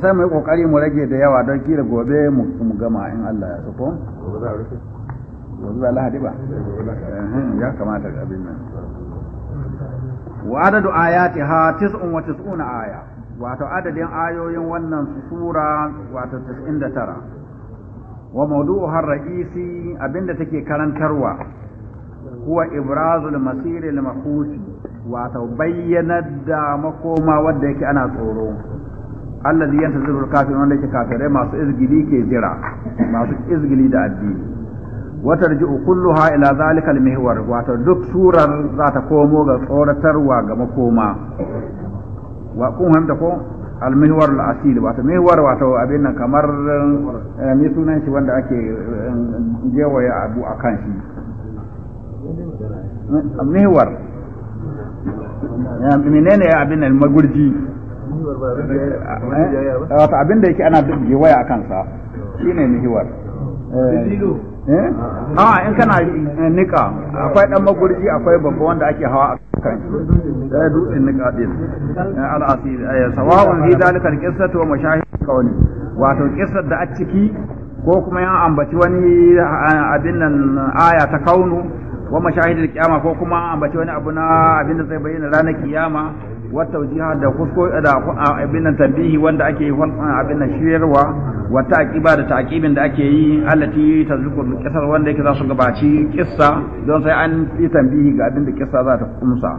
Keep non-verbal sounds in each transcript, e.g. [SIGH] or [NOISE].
sai mu yi kokari mu rage da yawa don kira gobe mu gama in Allah ya sako gobe ba lahadi ba ya kamata ga abin nan wa adadu ayati ha tis'un wa tis'una aya wato adadin ayoyin wannan sura wato 99 wa mawdu'uha ra'isi abinda take karantarwa huwa ibrazul masir al wato bayyana da makoma wanda yake ana tsoro allazi zubar kafin wanda yake kafirai masu izgili ke jira masu izgili da addini wa tarji'u kulluha ila zalika al wata duk surar za ta komo ga tsoratarwa ga makoma wa kun hamta ko al-mihwar al-asil wato mihwar wato abin nan kamar eh, me sunan shi wanda ake eh, jewaye abu akan shi eh, mihwar menene abin nan magurji Eh, eh, wato abin da yake ana waya a kansa shi ne nihiwar eh. a ah, ah, in kana nika akwai dan magurji akwai babba wanda ake hawa a kan da dutsen nika din yasa sawa'un fi zalika al-qissatu wa mashahid qawli wato qissar da a ciki ko kuma ya ambaci wani abin nan aya ta kaunu wa mashahidul kiyama ko kuma ambaci wani abu na abin da zai bayyana ranar kiyama wata jiha da kusko da abin nan tambihi wanda ake yi abin nan shiryarwa wa taqiba da taqibin da ake yi allati tazkur qisar wanda yake za su gabaci kissa don sai an yi tambihi ga abin da kissa za ta kumsa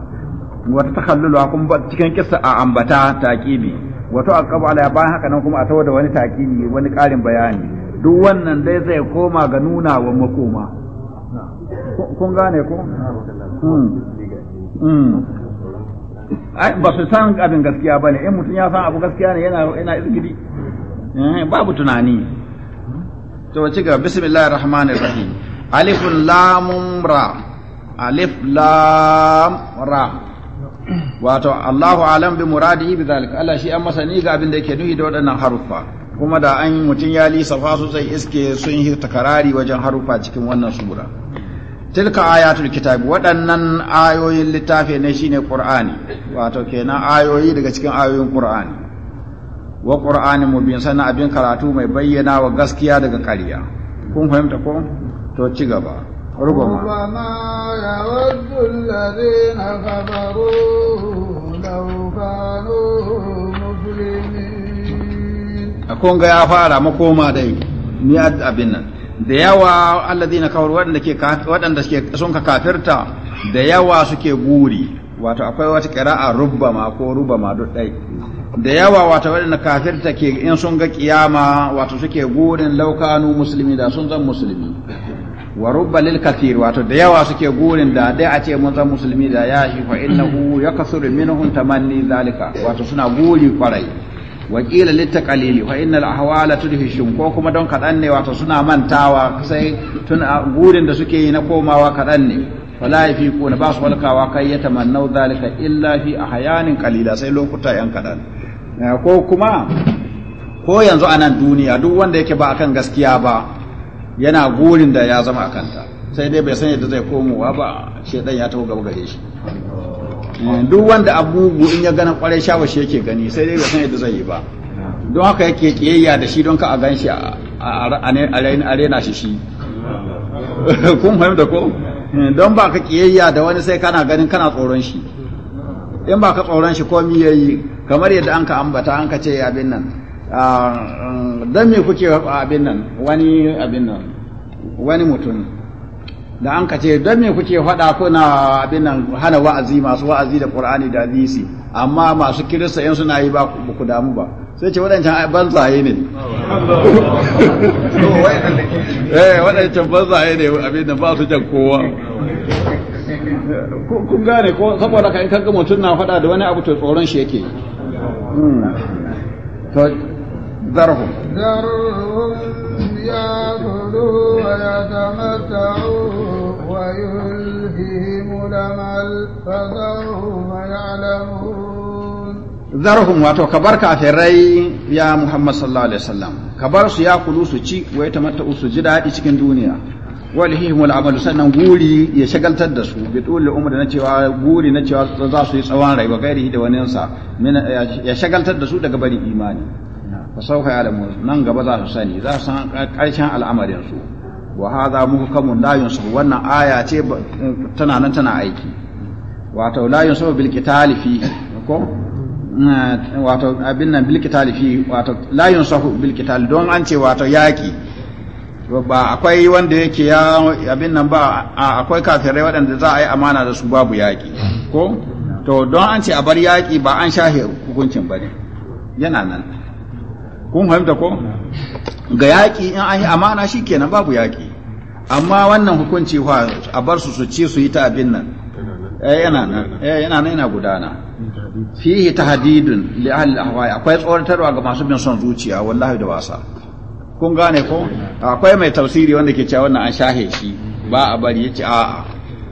wata takhallulu kun cikin kissa a ambata taqibi wato aqabu ala bayan haka nan kuma a tawo da wani taqibi wani karin bayani duk wannan dai zai koma ga nuna wa makoma kun gane ko ba su san abin gaskiya ba ne in mutum ya san abu gaskiya ne yana yana izgidi eh, babu tunani to ci gaba bismillahir rahmanir rahim alif lam ra alif lam ra wato Allahu alam bi muradihi bi zalika Allah shi an masani ga abin da yake nuhi da waɗannan haruffa kuma da an mutum ya fa sosai iske sun yi takarari wajen haruffa cikin wannan sura tilka ayatul kitabi waɗannan ayoyin littafi ne shine qur'ani wato kenan ayoyi daga cikin ayoyin qur'ani wa qur'ani mubin sanan abin karatu mai bayyana wa gaskiya daga ƙarya kun fahimta ko to ci gaba rubama ya fara makoma dai ni da yawa alladhina kafaru waɗanda ke waɗanda suke sun ka kafirta da yawa suke guri wato akwai wata rubba ma ko rubama duk dai da yawa wato waɗanda kafirta ke in sun ga kiyama wato suke gurin laukanu musulmi da sun zan musulmi wa rubba lil kafir wato da yawa suke gurin da dai a ce mun zan musulmi da ya shi fa innahu yakthuru minhum tamanni zalika wato suna guri kwarai wakila litta qalili fa innal ahwala tudhishum ko kuma don kadan ne wato suna mantawa sai tun gurin da suke yi na komawa kadan ne wala ko kuna ba su walkawa kai ya tamannau zalika illa fi ahyanin qalila sai lokuta yan kadan eh, ko kuma ko yanzu a nan duniya duk wanda yake ba akan gaskiya ba yana gurin da ya zama akanta sai dai bai san yadda zai komowa ba shedan ya tawo gaba gare shi Eh, duk wanda abubu in ya ganin kwarai shawashi yake gani sai dai ba san yadda zai yi ba don haka yake kiyayya da shi don ka a gan shi a rena shi shi [LAUGHS] kun da ko eh, don ba ka kiyayya da wani sai kana ganin kana tsoron shi in ba ka tsoron shi komi ya yi kamar yadda an ka ambata an ka ce abin nan um, don me kuke abin nan wani abin nan wani mutum da an kace don me kuke faɗa kuna abin nan hana wa'azi masu wa'azi da Qur'ani da hadisi amma masu kirista yan suna yi ba ku damu ba sai ce waɗancan banzaye ne [LAUGHS] eh waɗancan banzaye ne abin nan ba su jan kowa kun gane ko saboda ka in kaga mutum na faɗa da wani abu to tsoron shi yake hmm. to zarhu zarhu ya ويتمتعون ويلههم الأمل فذرهم يعلمون ذرهم واتو كبر كافري يا محمد صلى الله عليه وسلم كبر يا قلوس تشي ويتمتعوا سجدا cikin duniya walihim al'amal sannan guri ya shagaltar da su bi dole umar na cewa guri na cewa za su yi tsawon rayuwa gairi da wani sa ya shagaltar da su daga bari imani fa sauka ya alamu nan gaba za su sani za su san karshen al'amarin su wa hadha muhkamun la yunsahu wannan aya ce tana nan tana aiki wato la yunsahu bil qitali fi ko eh, wato abin nan bil qitali fi wato la yunsahu bil qitali don an ce wato yaki ba akwai wanda yake ya abin nan ba akwai kafirai waɗanda za a yi amana da su babu yaki ko to don an ce a bar yaki ba an shahe hukuncin bane yana nan kun fahimta ko ga yaƙi in an yi amana shi kenan babu yaƙi amma wannan hukunci fa a bar su su ci su yi ta abin nan eh, eh, yana nan yana gudana fihi tahdidun li ahli ahwai akwai tsoratarwa ga masu bin son zuciya wallahi da wasa kun gane ko akwai mai tafsiri wanda ke cewa wannan an shahe shi ba a bari yace a'a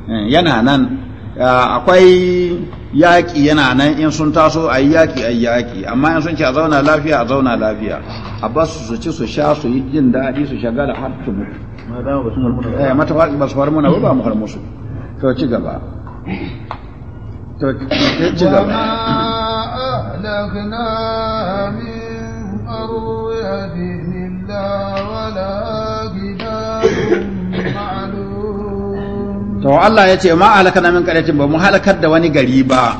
eh, yana nan Eh, akwai yaƙi yana nan in sun taso a yi yaƙi a yi yaƙi amma in sun ce a zauna lafiya a zauna lafiya a ba su ci su sha su yi jin daɗi su shagala har su mutu eh, mata ba su farmuna ba ba mu to ci gaba to ci gaba to Allah ya ce ma halaka na min qaryatin ba mu halakar da wani gari ba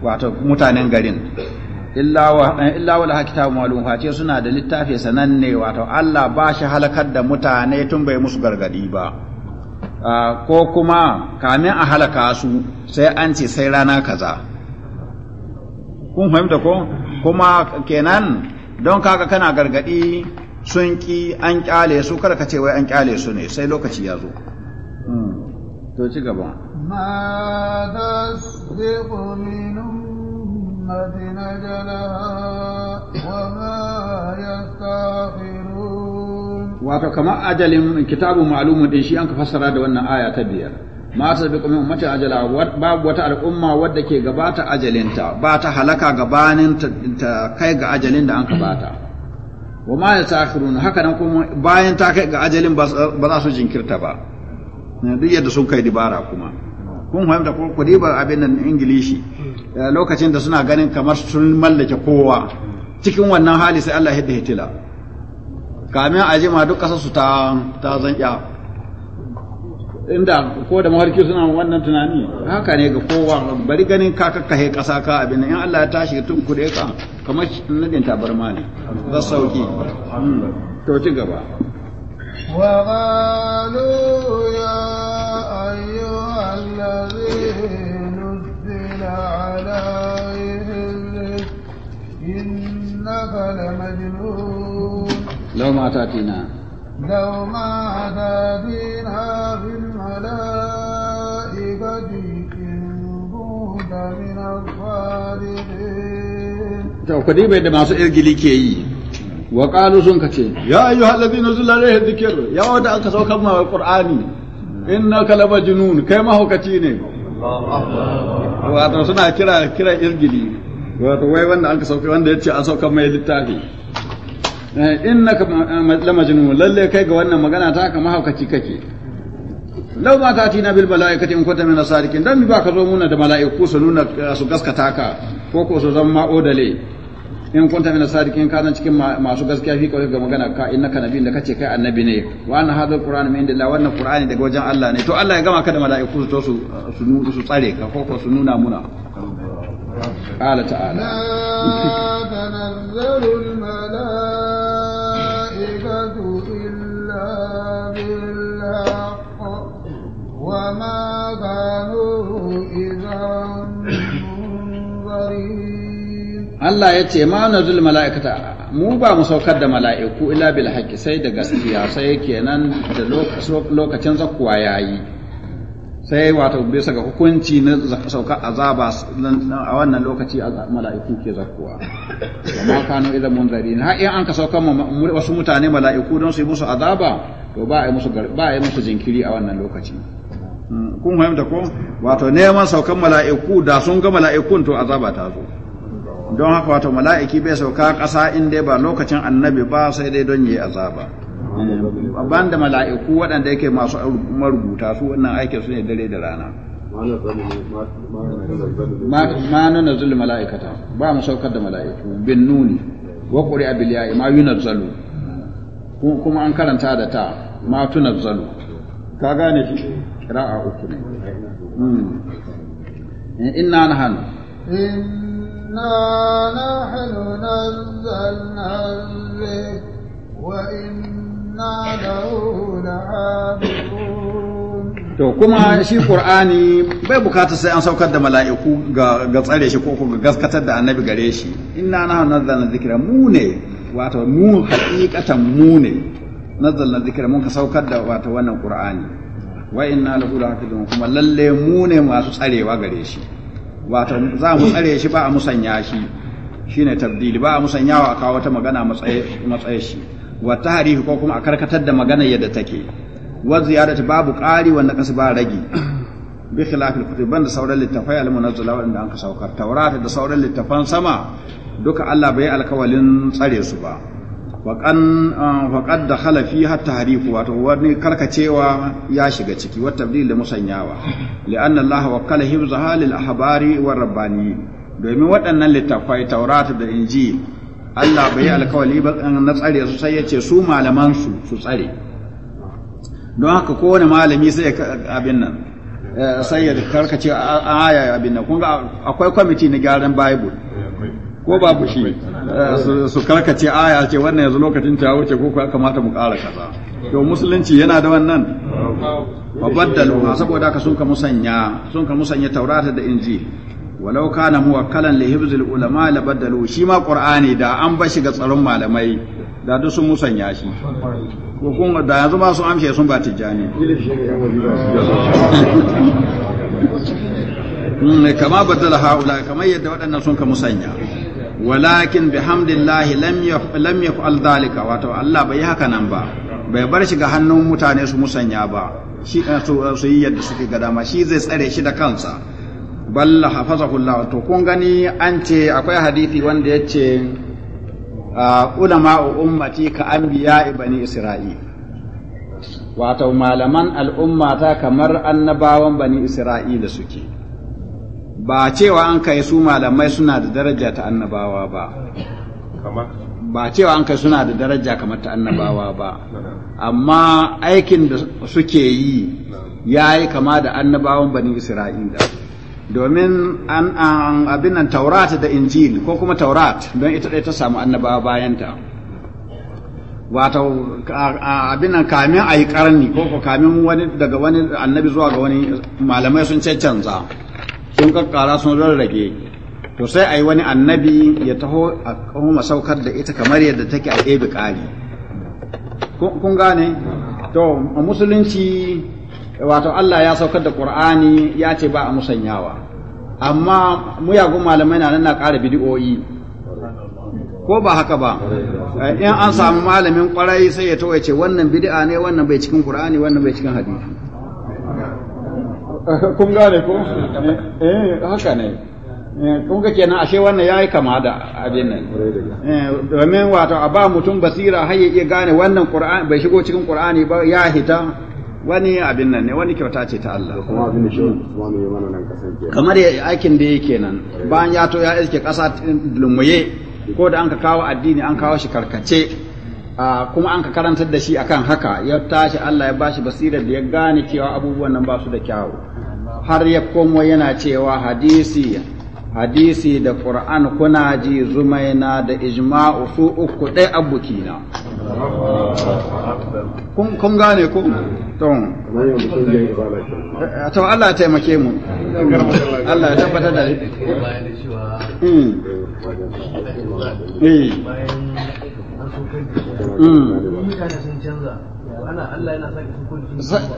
wato mutanen garin illa wa laha kitabu malum fa suna da littafi sananne wato Allah ba shi halakar da mutane tun bai musu gargadi ba ah, ko kuma kamin a halaka su sai an ce sai rana kaza kun fahimta ko kuma kenan don kaga kana gargadi sun ki an kyale su kar ka ce wai an kyale su ne sai lokaci ya zo to ci gaba ma wato kamar ajalin kitabu ma'alumun din shi an ka fassara da wannan aya ta biyar ma tasbiqu kuma mace ajala babu wata al'umma wadda ke gabata ajalinta ba ta halaka gabanin ta kai ga ajalin da an ka bata wa ma ya haka nan kuma bayan ta kai ga ajalin ba za su jinkirta ba Eh, duk yadda sun kai dibara kuma kun fahimta ko ku diba abin nan ingilishi eh, lokacin da suna ganin kamar sun mallake kowa cikin wannan hali sai Allah hidda hitila kamin a jima duk kasar su ta ta zanya inda ko da mawarki suna wannan tunani haka ne ga kowa bari ganin ka kakkahe kasa ka abin in Allah ya tashi tun kuɗe ka kamar nadin tabarma ne za sauki hmm. to ci gaba وقالوا Lama ata da masu irgili ke yi. Waƙalu sun ka ce. Ya ayyuka hala dina sun lalace duke duke. Ya wata alƙasar kan ma wa qur'ani. In naka laba junu kai mahaukaci ne. wato suna kira kira irgili wato wai wanda an ka sauke wanda yace an sauka mai littafi eh, ka eh, la majnun lalle kai ga wannan magana ta ka mahaukaci kake law ma ta tina bil malaikati in kunta min don dan ba ka zo muna da malaiku su nuna eh, su gaskata ka ko ko su zama odale in kunta min sadiqin ka zan cikin masu gaskiya fi kawai ga magana ka innaka nabiyin da kace kai annabi ne wa anna hadha alquran min indillah wannan qur'ani daga wajen Allah ne to Allah ya gama ka da mala'iku su to su su tsare ka ko su nuna muna ala ta'ala [LAUGHS] Allah ya ce ma nazul mala'ikata mu ba mu saukar da mala'iku ila bil haqqi sai da gaskiya sai kenan da lokacin ya yayi sai wato bisa ga hukunci na saukar azaba a wannan lokaci mala'iku ke zakkuwa amma kanu idan munzarin har in an ka saukar wasu mutane mala'iku don su yi musu azaba to ba a yi musu ba a yi musu jinkiri a wannan lokaci hmm, kun fahimta ko wato neman saukar mala'iku da sun ga mala'ikun to azaba ta zo don haka wato mala'iki bai sauka ƙasa in dai ba lokacin annabi ba sai dai don yi azaba ban da mala'iku waɗanda yake masu marubuta su wannan aikin su ne dare da rana ma na zulu mala'ikata ba mu saukar da mala'iku bin nuni wa ƙuri a biliya. ma yi nazzalu kuma an karanta da ta ma tu nazzalu ka gane shi kira'a uku ne hmm. inna na hannu إنا نحن نزلنا وإنا له لحافظون To kuma shi ƙur'ani bai bukata sai an saukar da mala'iku ga tsare shi ko ga gaskatar da annabi gare shi. Inna na nazzalna zikira mu ne, wato mu hakikatan mu ne. Nazzalna zikira mun ka saukar da wato wannan Qur'ani. Wa inna lahu lahafizun kuma lalle mu ne masu tsarewa gare shi. wato za mu tsare shi ba a musanya shi shine tabdili ba a musanyawa a kawo wata magana matsaye shi wa tahrifi ko kuma a karkatar da magana yadda take wa ziyadati babu qari wanda kasu ba ragi bi khilafil kutub ban da sauran littafai al munazzala wanda an ka saukar taurata da sauran littafan sama duka Allah bai alkawalin tsare su ba faƙad ah, da halafi ta harifu wato wani karkacewa ya shiga ciki wata tabdil da musanyawa li'an Allah wakkala hibza halil ahbari wa rabbani domin waɗannan littafai tauratu da inji Allah bai yi alkawali ba na tsare su sai ya su malaman su su tsare don haka kowane malami sai abin nan eh, sai ya karkace aya abin nan kun akwai kwamiti na gyaran bible ko babu shi eh, su karkace aya ce wannan yanzu lokacin ta wuce ko ya kamata mu ƙara kaza to musulunci yana da wannan wa baddalu saboda ka sun ka musanya sun ka musanya taurata da inji walau kana muwakkalan li hibzil ulama la baddalu shi ma qur'ani da an ba shi ga tsaron malamai da duk sun musanya shi ko kun da yanzu ba su amshe sun ba tijani [LAUGHS] hmm, kama baddala haula kamar yadda waɗannan sun ka musanya walakin bihamdillahi lam yaf'al dhalika wato Allah bai haka nan ba bai bar shi ga hannun mutane su musanya ba shi eh, eh, su yi yadda suke ga dama shi zai tsare shi da kansa balla hafazahu Allah to kun gani an ce akwai hadisi wanda yace ah, ulama ummati ka anbiya bani isra'il wato malaman al'umma ta kamar annabawan bani isra'ila suke ba cewa an kai su malamai suna da daraja ta annabawa ba ba cewa an kai suna da daraja kamar ta annabawa ba amma aikin da suke yi ya yi kama da annabawan bani isra'ila domin an abin nan taurat da injil ko kuma taurat don ita ɗaya ta samu annabawa bayanta wato abin nan kamin a yi ƙarni ko kamin wani daga wani annabi zuwa ga wani malamai sun cancanza sun kara sun rarrage to sai a wani annabi ya taho a kuma saukar da ita kamar yadda take a ɗebe ƙari kun gane to a musulunci wato Allah ya saukar da Qur'ani ya ce ba a musanyawa amma muyagun malamai na nan na ƙara bidi'o'i ko ba haka ba eh, in an samu malamin ƙwarai sai ya tawaye ce wannan bid'a ne wannan bai cikin qur'ani wannan bai cikin hadisi [LAUGHS] kun gane ko eh, eh haka ne eh, kun ga kenan ashe wannan yayi kama da abin nan eh, domin wato a ba mutum basira har ya iya gane wannan qur'ani bai shigo cikin qur'ani ba ya hita wani abin nan ne wani kyauta ce ta Allah kuma abin da wani ya mana nan kasan ke kamar aikin da yake nan bayan ya to ya iske kasa lumuye ko da an ka kawo addini an kawo shi karkace kuma an ka karantar da shi akan haka ya tashi Allah ya bashi basirar da ya gane cewa abubuwan nan ba su da kyawu har ya komo yana cewa hadisi hadisi da Qur'an kuna ji zumaina da ijma'u su uku ɗai abokina. Kun gane ku? To Allah taimake mu. Allah ya tabbatar da Bayan hmm. eh. hmm. sun canza, ana Allah yana sake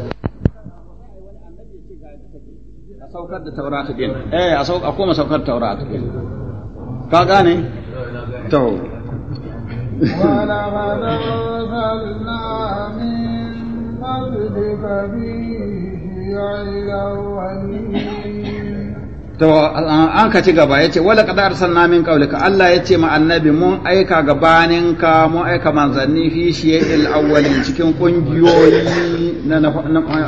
saukar da eh, ka gane to wala an ka ci gaba ya ce, Wala ka arsal namin Allah ya ce ma annabi mun aika gabanin ka mun aika manzanni fi shiye awwalin cikin ƙungiyoyi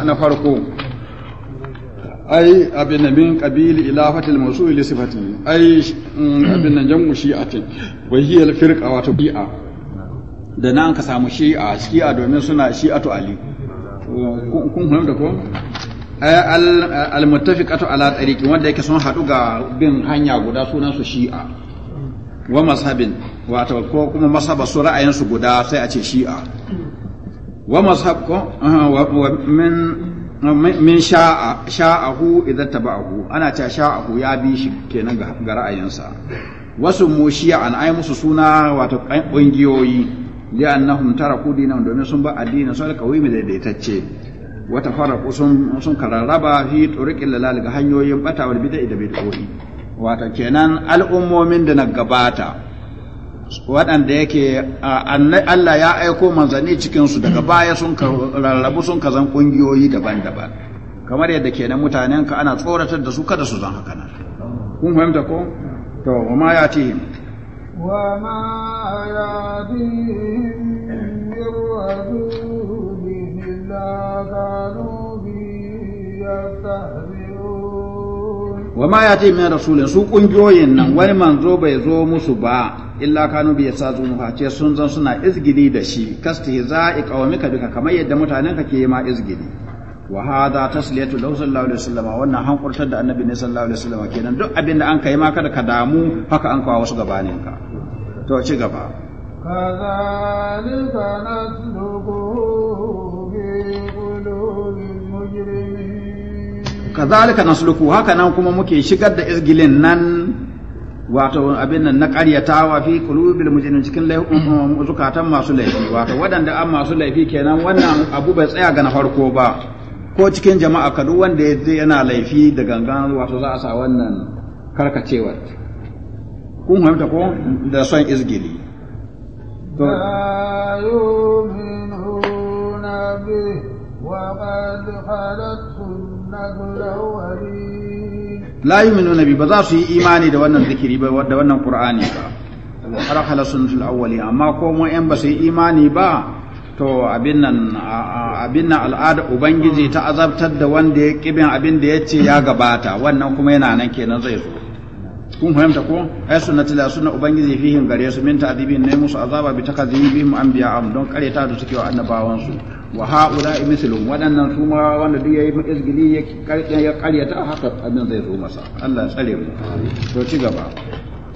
na farko. ai abin da min qabili ilafatil mawsu'i li sifati ai mm, abin nan jamu shi'atin wa hiya al firqa wa tabi'a da nan ka samu shi'a shi'a domin suna shi'atu ali kun kun da ko al muttafiqatu ala tariqi wanda yake sun hadu ga bin hanya guda sunan su shi'a wa mashabin wato ko kuma masaba su ra'ayin su guda sai a ce shi'a wa mashab ko wa min min sha'a sha'ahu idan taba'ahu ana cewa sha'ahu ya bi shi kenan ga ra'ayinsa wasu mushiya an ai musu suna wato kungiyoyi tara taraku dinan domin sun ba addini sun alƙawi mai daidaitacce wata faraku sun sun kararraba fi turiqil lalal ga hanyoyin bata wal bid'a da bid'o'i wato kenan al'ummomin da na gabata waɗanda yake Allah ya aiko manzanni cikinsu daga baya sun rarrabu sun kazan ƙungiyoyi daban-daban kamar yadda ke nan mutanen ka ana tsoratar da su kada su zan haka nan kun fahimta ko to wa ma ya tihim wa ma ya wa ma ya min rasulin su ƙungiyoyin nan wani manzo bai zo musu ba illa kanu bi yasazunu ha ce sun zan suna izgili da shi kastihza'i qawmika duka kamar yadda mutanenka ke ma izgili wa hada tasliyatu lahu sallallahu alaihi wasallam wannan hankurtar da annabi ne sallallahu alaihi wasallam kenan duk abin da an kai ma kada ka damu haka an kawo wasu gabanin ka to ci gaba كذلك نسلكه في قلوب المجرمين كذلك نسلكه هكذا كما مكي شقد wato abin nan na karyatawa fi kulubil mujrimin cikin mm. um, um, zukatan masu laifi wato waɗanda an masu laifi kenan wannan abu bai tsaya ga na farko ba ko cikin jama'a ka duk wanda yana laifi da gangan wato za a sa wannan karkacewar kun fahimta ko da son izgili to la minu nabi ba za su yi imani da wannan zikiri ba da wannan qur'ani ba wa halasun sunnatul awwali amma ko mu yan ba su yi imani ba to abin nan al'ada ubangiji ta azabtar da wanda ya kibin abin da ya ce ya gabata wannan kuma yana nan kenan zai zo kun fahimta ko ai sunnati la sunna ubangiji fihim gare su min ta'dibin ne musu azaba bi takadhibihim am don kareta da suke wa annabawan su wa haula mithlum wadannan su ma wanda duk yayi izgili ya karya ya karyata haka annan zai zo masa Allah tsare mu to ci gaba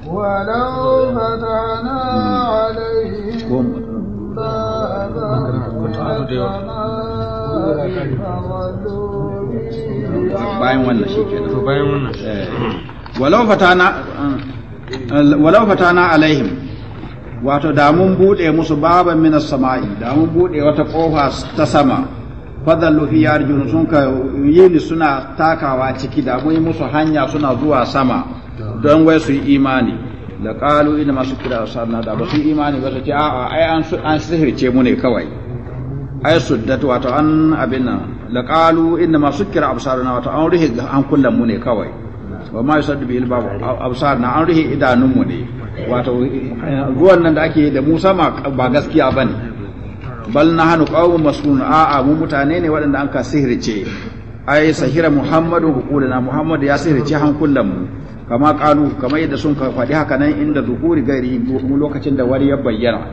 ولو فتحنا عليهم بابا bayan wannan shi kenan bayan wannan eh. walau fatana walau fatana alaihim wato da mun bude musu baban minas sama'i da mun bude wata kofa ta sama fadallu fi yarjun sun ka yini suna takawa ciki da mun yi musu hanya suna zuwa sama don wai su yi imani da qalu inna masu kira sanna da ba su imani ba su ce a'a ai an an sihirce mu ne kawai ai su da wato an abin nan la qalu inna masu kira absaruna wato an ruhi an kullum mu ne kawai wa ma yusaddu bi bab absar na an idanun idanunmu ne wato ruwan nan da ake da Musa ma ba gaskiya bane bal nahnu qawmun masrun a a mu mutane ne waɗanda an ka sihirce ai sahira muhammadu hukulana muhammadu ya sihirce hankulan mu kama kalu kama yadda sun faɗi haka nan inda zuhuri gairi lokacin da wari ya bayyana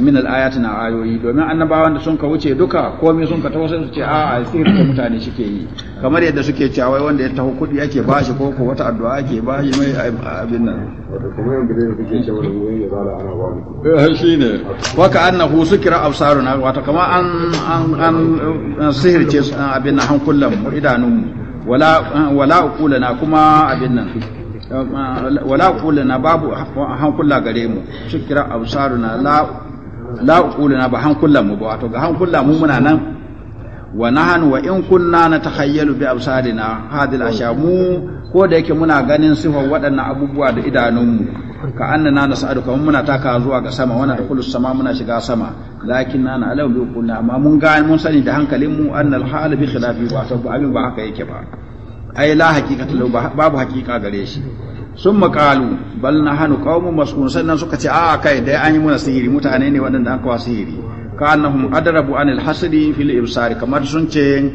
min al-ayati na ayoyi domin annabawan da sun ka wuce duka komai sun ka taho sai su ce a a da mutane suke yi kamar yadda suke cewa wai wanda ya taho kudi yake bashi ko ko wata addu'a ba bashi mai abin nan kuma yanda suke cewa wai ya zala ana ba mu eh, shine wa ka annahu sukira absaruna wato kamar an an an sihirce abin nan hankulan mu idanun mu wala wala uqulana kuma abin nan wala uqulana babu hankula gare mu sukira absaruna la la uquluna ba hankulan mu ba wato ga hankulan mu muna nan wa nahan wa in kunna natakhayyalu bi absarina hadhihi al mu ko da yake muna ganin sifar waɗannan abubuwa da idanunmu ka annana nas'alu kuma muna taka zuwa ga sama wannan dukulu sama muna shiga sama lakin na na alau bi kunna amma mun ga mun sani da hankalin mu annal hal bi khilafi wa ta abin ba haka yake ba ai la haqiqatu babu haqiqa gare shi sun Makalu, bal na hannu kawo masu sannan suka ce a kai dai an yi muna sihiri mutane ne waɗanda an kawo sihiri ka annahum adrabu anil hasri fil ibsari kamar sun ce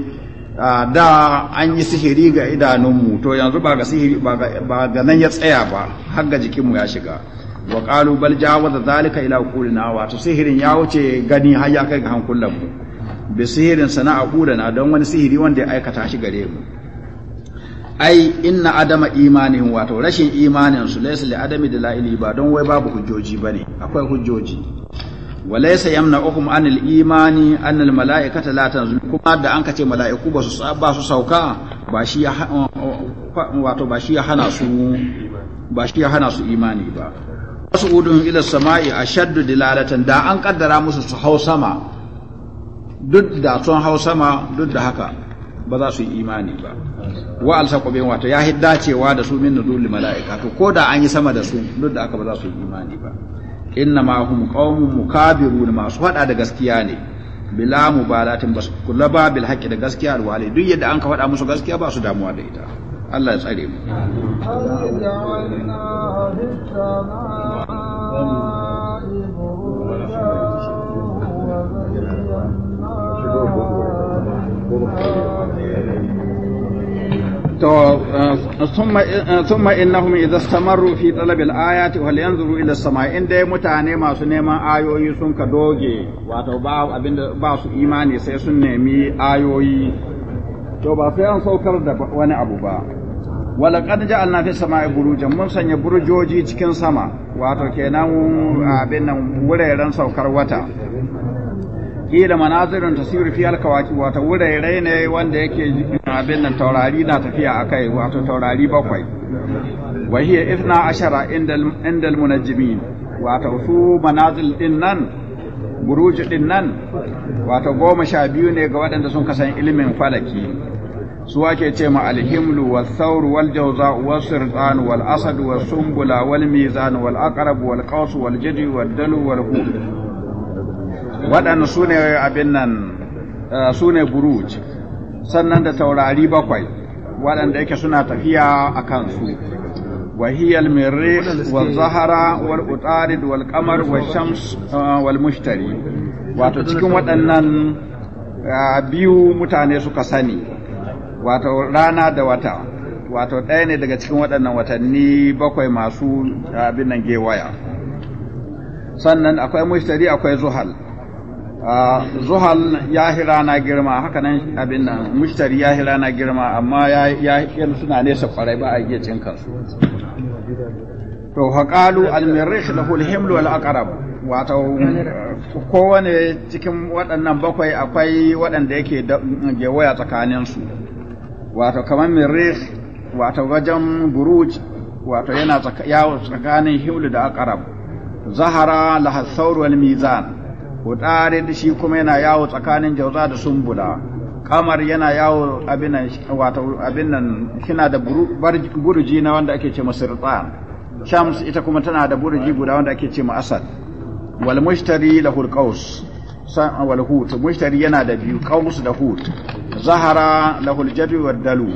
da an yi sihiri ga idanunmu to yanzu ba ga sihiri ba ga nan ya tsaya ba har ga jikinmu ya shiga wa qalu bal jawaza zalika ila qulina wato to sihirin ya wuce gani har ya kai ga hankulan mu bi sihirin sana'a na don wani sihiri wanda ya aikata shi gare mu ai inna adama imanin wato rashin imanin su laysa li adami dalaili ba don wai babu hujjoji bane akwai hujjoji wa laysa yamna'ukum anil imani anil mala'ikata la tanzul kuma da an ce mala'iku ba su ba su sauka ba shi wato ba shi ya hana su ba shi ya hana su imani ba Wasu udun ila sama'i ashaddu dilalatan da an kaddara musu su hau sama duk da sun hau sama duk da haka ba za su yi imani ba wa alsaqu wato ya hidda cewa da su min nuzul malaika to ko da an yi sama da su duk da aka ba za su yi imani ba inna ma hum qaumun mukabirun masu hada da gaskiya ne bila mubalatin bas kula ba bil haqqi da gaskiya alwali duk yadda an ka faɗa musu gaskiya ba su damuwa da ita Allah ya tsare mu Thank you. To, summa innahum idza istamaru fi talabil ayati wal yanzuru ila samai in dai mutane masu neman ayoyi sun ka doge wato ba abinda ba su imani sai sun nemi ayoyi to ba sai an saukar da wani abu ba wala qad ja'alna fi samai burujan mun sanya burjoji cikin sama wato kenan abin nan wuraren saukar wata kila manazirun tasir fi alkawaki wata wurare ne wanda yake abin nan taurari na tafiya kai, wato taurari bakwai wa hiya ithna ashara inda inda wato su manazil din nan buruj din nan wato goma sha biyu ne ga waɗanda sun kasan ilimin falaki su ake ce ma alhimlu wal thawr wal jawza wal sirtan wal asad wal sumbula wal mizan wal aqrab wal qaws wal jadi wal dalu wal waɗanda su ne abin nan eh, su ne buruj sannan da taurari bakwai waɗanda yake suna tafiya a kansu zahara, وهي wal kamar, wa shams, eh, wal mushtari. wato cikin waɗannan eh, biyu mutane suka sani wato rana da wata wato ɗaya ne daga cikin waɗannan watanni bakwai masu abin nan gewaya sannan akwai mushtari akwai zuhal Ah, zuhal ya na girma haka nan abin nan mushtari ya na girma amma ya suna nesa kwarai ba a iya cin kansu to haƙalu almirish lahu himlu wal aqrab wato kowane cikin waɗannan bakwai akwai waɗanda yake waya tsakanin su wato kamar mirish wato wajen buruj wato yana tsakanin himlu da aqrab zahara lahas thawr wal mizan da shi kuma yana yawo tsakanin jauza da sumbula kamar yana yawo abin nan shina da burji na wanda ake ce masirtan shams ita kuma tana da burji guda wanda ake ce asad wal mushtari lahul san wal hut mushtari yana da biyu qaus da hut zahara lahul jadu ah, wa dalu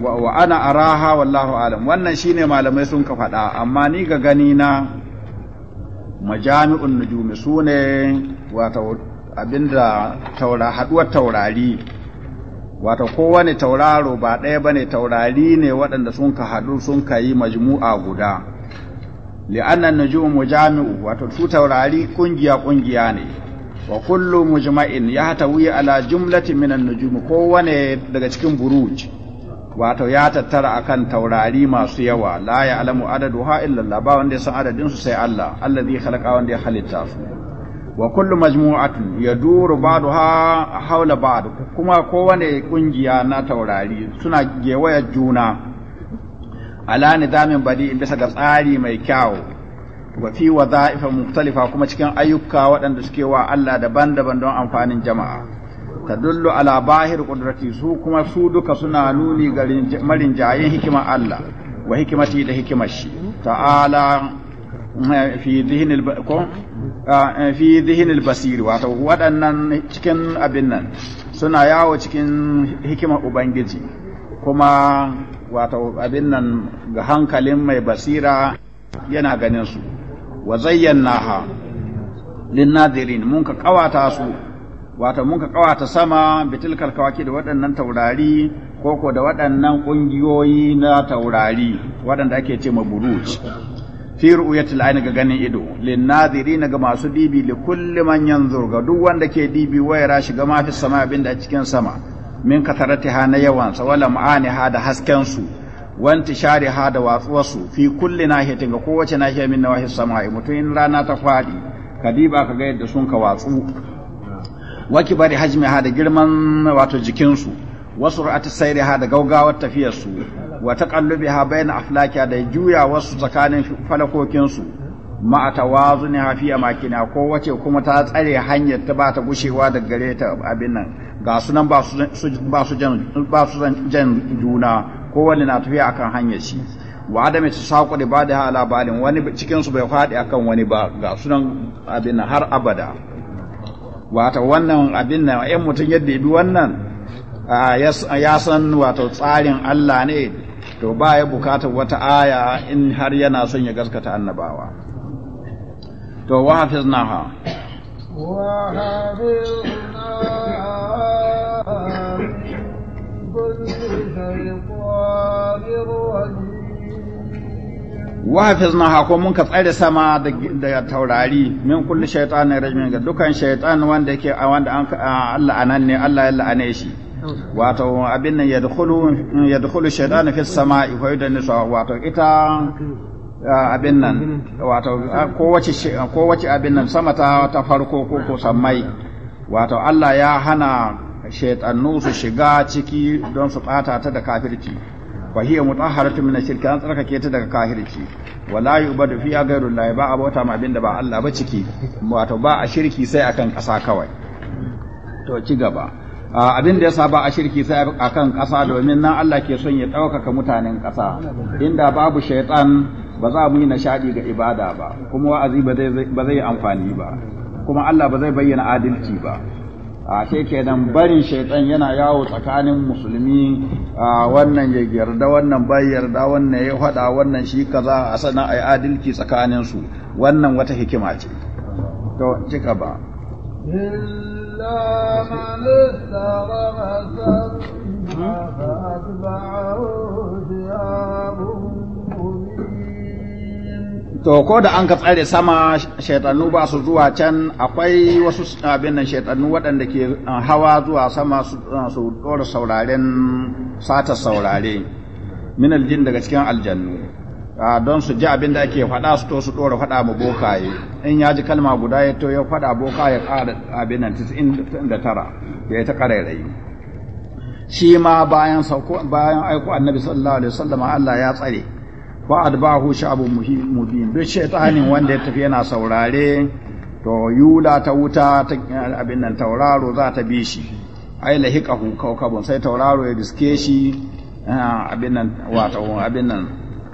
wa ana araha wallahu alam wannan shine malamai sun ka faɗa amma ni ga gani na majami'un nujumi sune wato abinda taura haduwar taurari wato kowane tauraro ba ɗaya bane taurari ne waɗanda sun ka haɗu sun ka yi majmu'a guda li'annan nujum majami'u wato su taurari ƙungiya kungiya ne wa kullu mujma'in ya hatawi ala jumlatin minan nujum kowane daga cikin buruj wato ya tattara akan taurari masu yawa la ya alamu adadu ha illallah ba wanda ya san adadin su sai Allah allazi khalaqa wanda ya halitta su wa kullu majmu'atin yaduru ba'daha hawla ba'd kuma kowane kungiya na taurari suna gewaya juna ala nidamin badi bisa ga tsari mai kyau wa fi wadha'ifa mukhtalifa kuma cikin ayyuka waɗanda suke wa Allah daban-daban don amfanin jama'a tadullu ala bahir qudrati su kuma su duka suna nuni ga jayen hikima Allah wa hikimati da hikimar shi ta'ala eh, fi dhihnil ko ah, eh, fi waɗannan cikin abin nan suna yawo cikin hikimar ubangiji kuma wata abin nan ga hankalin mai basira yana ganin su wa zayyanaha lin nadirin mun ka kawata su wato mun ka kawata sama bitilkal kawaki da waɗannan taurari ko ko da waɗannan ƙungiyoyi na taurari waɗanda ake ce ma buruj fi ru'yatil ayni ga ganin ido lin na ga masu dibi li kulli man yanzur ga duk wanda ke dibi ra shiga ma fi sama abinda a cikin sama min ha na yawan sa wala ha da hasken su wanti share ha da watsuwar su fi kulli nahiyatin ga kowace nahiya min nawahi sama'i mutun rana ta fadi kadiba ka ga yadda sun ka watsu wa kibari hajmiha da girman wato jikinsu wa sur'ati ha da gaugawar tafiyar su wa ha bayna Aflaki da juya wasu tsakanin falakokin su ma tawazuniha hafiya makina ko wace kuma ta tsare hanyar ta ba ta gushewa da gare ta abin nan ga sunan ba su ba jan ba su jan juna kowane na tafiya akan hanyar shi wa adami su saƙo da ba da ala balin wani cikinsu bai faɗi akan wani ba ga sunan abin har abada wata wannan abin nan ‘yan mutum yadda bi wannan ya san wato tsarin Allah ne to ba ya bukatar wata aya in har yana son ya gaskata annabawa to wa hafiz naha wa وحفظناها ko mun ka tsare sama da taurari min kulli shaytanin rajmin ga dukan shaytan wanda yake wanda an Allah anan ne Allah ya la'ane shi wato abin nan yadkhulu yadkhulu shaytanu fi samai fa sa wato ita abin nan wato ko wace abin nan sama ta ta farko ko ko sammai wato Allah ya hana shaytanu su shiga ciki don su bata ta da kafirci fa hiya mutahharatu min ash-shirki an tsarkake ta daga kahirci wala yubadu fiha ghayrullah ba abota ma abinda ba Allah ba ciki wato ba a shirki sai akan ƙasa kawai Abinda ya sa ba a shirki sai akan ƙasa domin nan Allah ke son ya ɗaukaka mutanen ƙasa inda babu shaitan ba za mu yi nishaɗi ga ibada ba kuma wa'azi ba zai amfani ba kuma Allah ba zai bayyana adalci ba a ke kenan barin shaitan yana yawo tsakanin musulmi a wannan ya yarda wannan bai yarda wannan ya faɗa wannan shi kaza a sana ai adalci tsakanin su wannan wata hikima ce to cika ba to ko da an ka tsare sama shaitannu ba su zuwa can akwai wasu abin nan shaitannu waɗanda ke uh, hawa zuwa sama su uh, ɗora sauraren sata saurare min aljin daga cikin aljannu uh, don su ji abin da ake faɗa su to su ɗora faɗa ma bokaye in ya ji kalma guda ya to ya faɗa bokaye ƙara abin nan tis'in da tara ya yi ta ƙarairayi shi ma bayan sauko bayan aiko annabi sallallahu alaihi wasallam Allah ya tsare Ba a fa adbahu sha'bun mubin duk shaytanin wanda ya tafi yana saurare to yula ta wuta ta abin nan tauraro za ta bi shi ai lahiqahu kawkabun sai tauraro ya diske shi eh, abin nan wato abin nan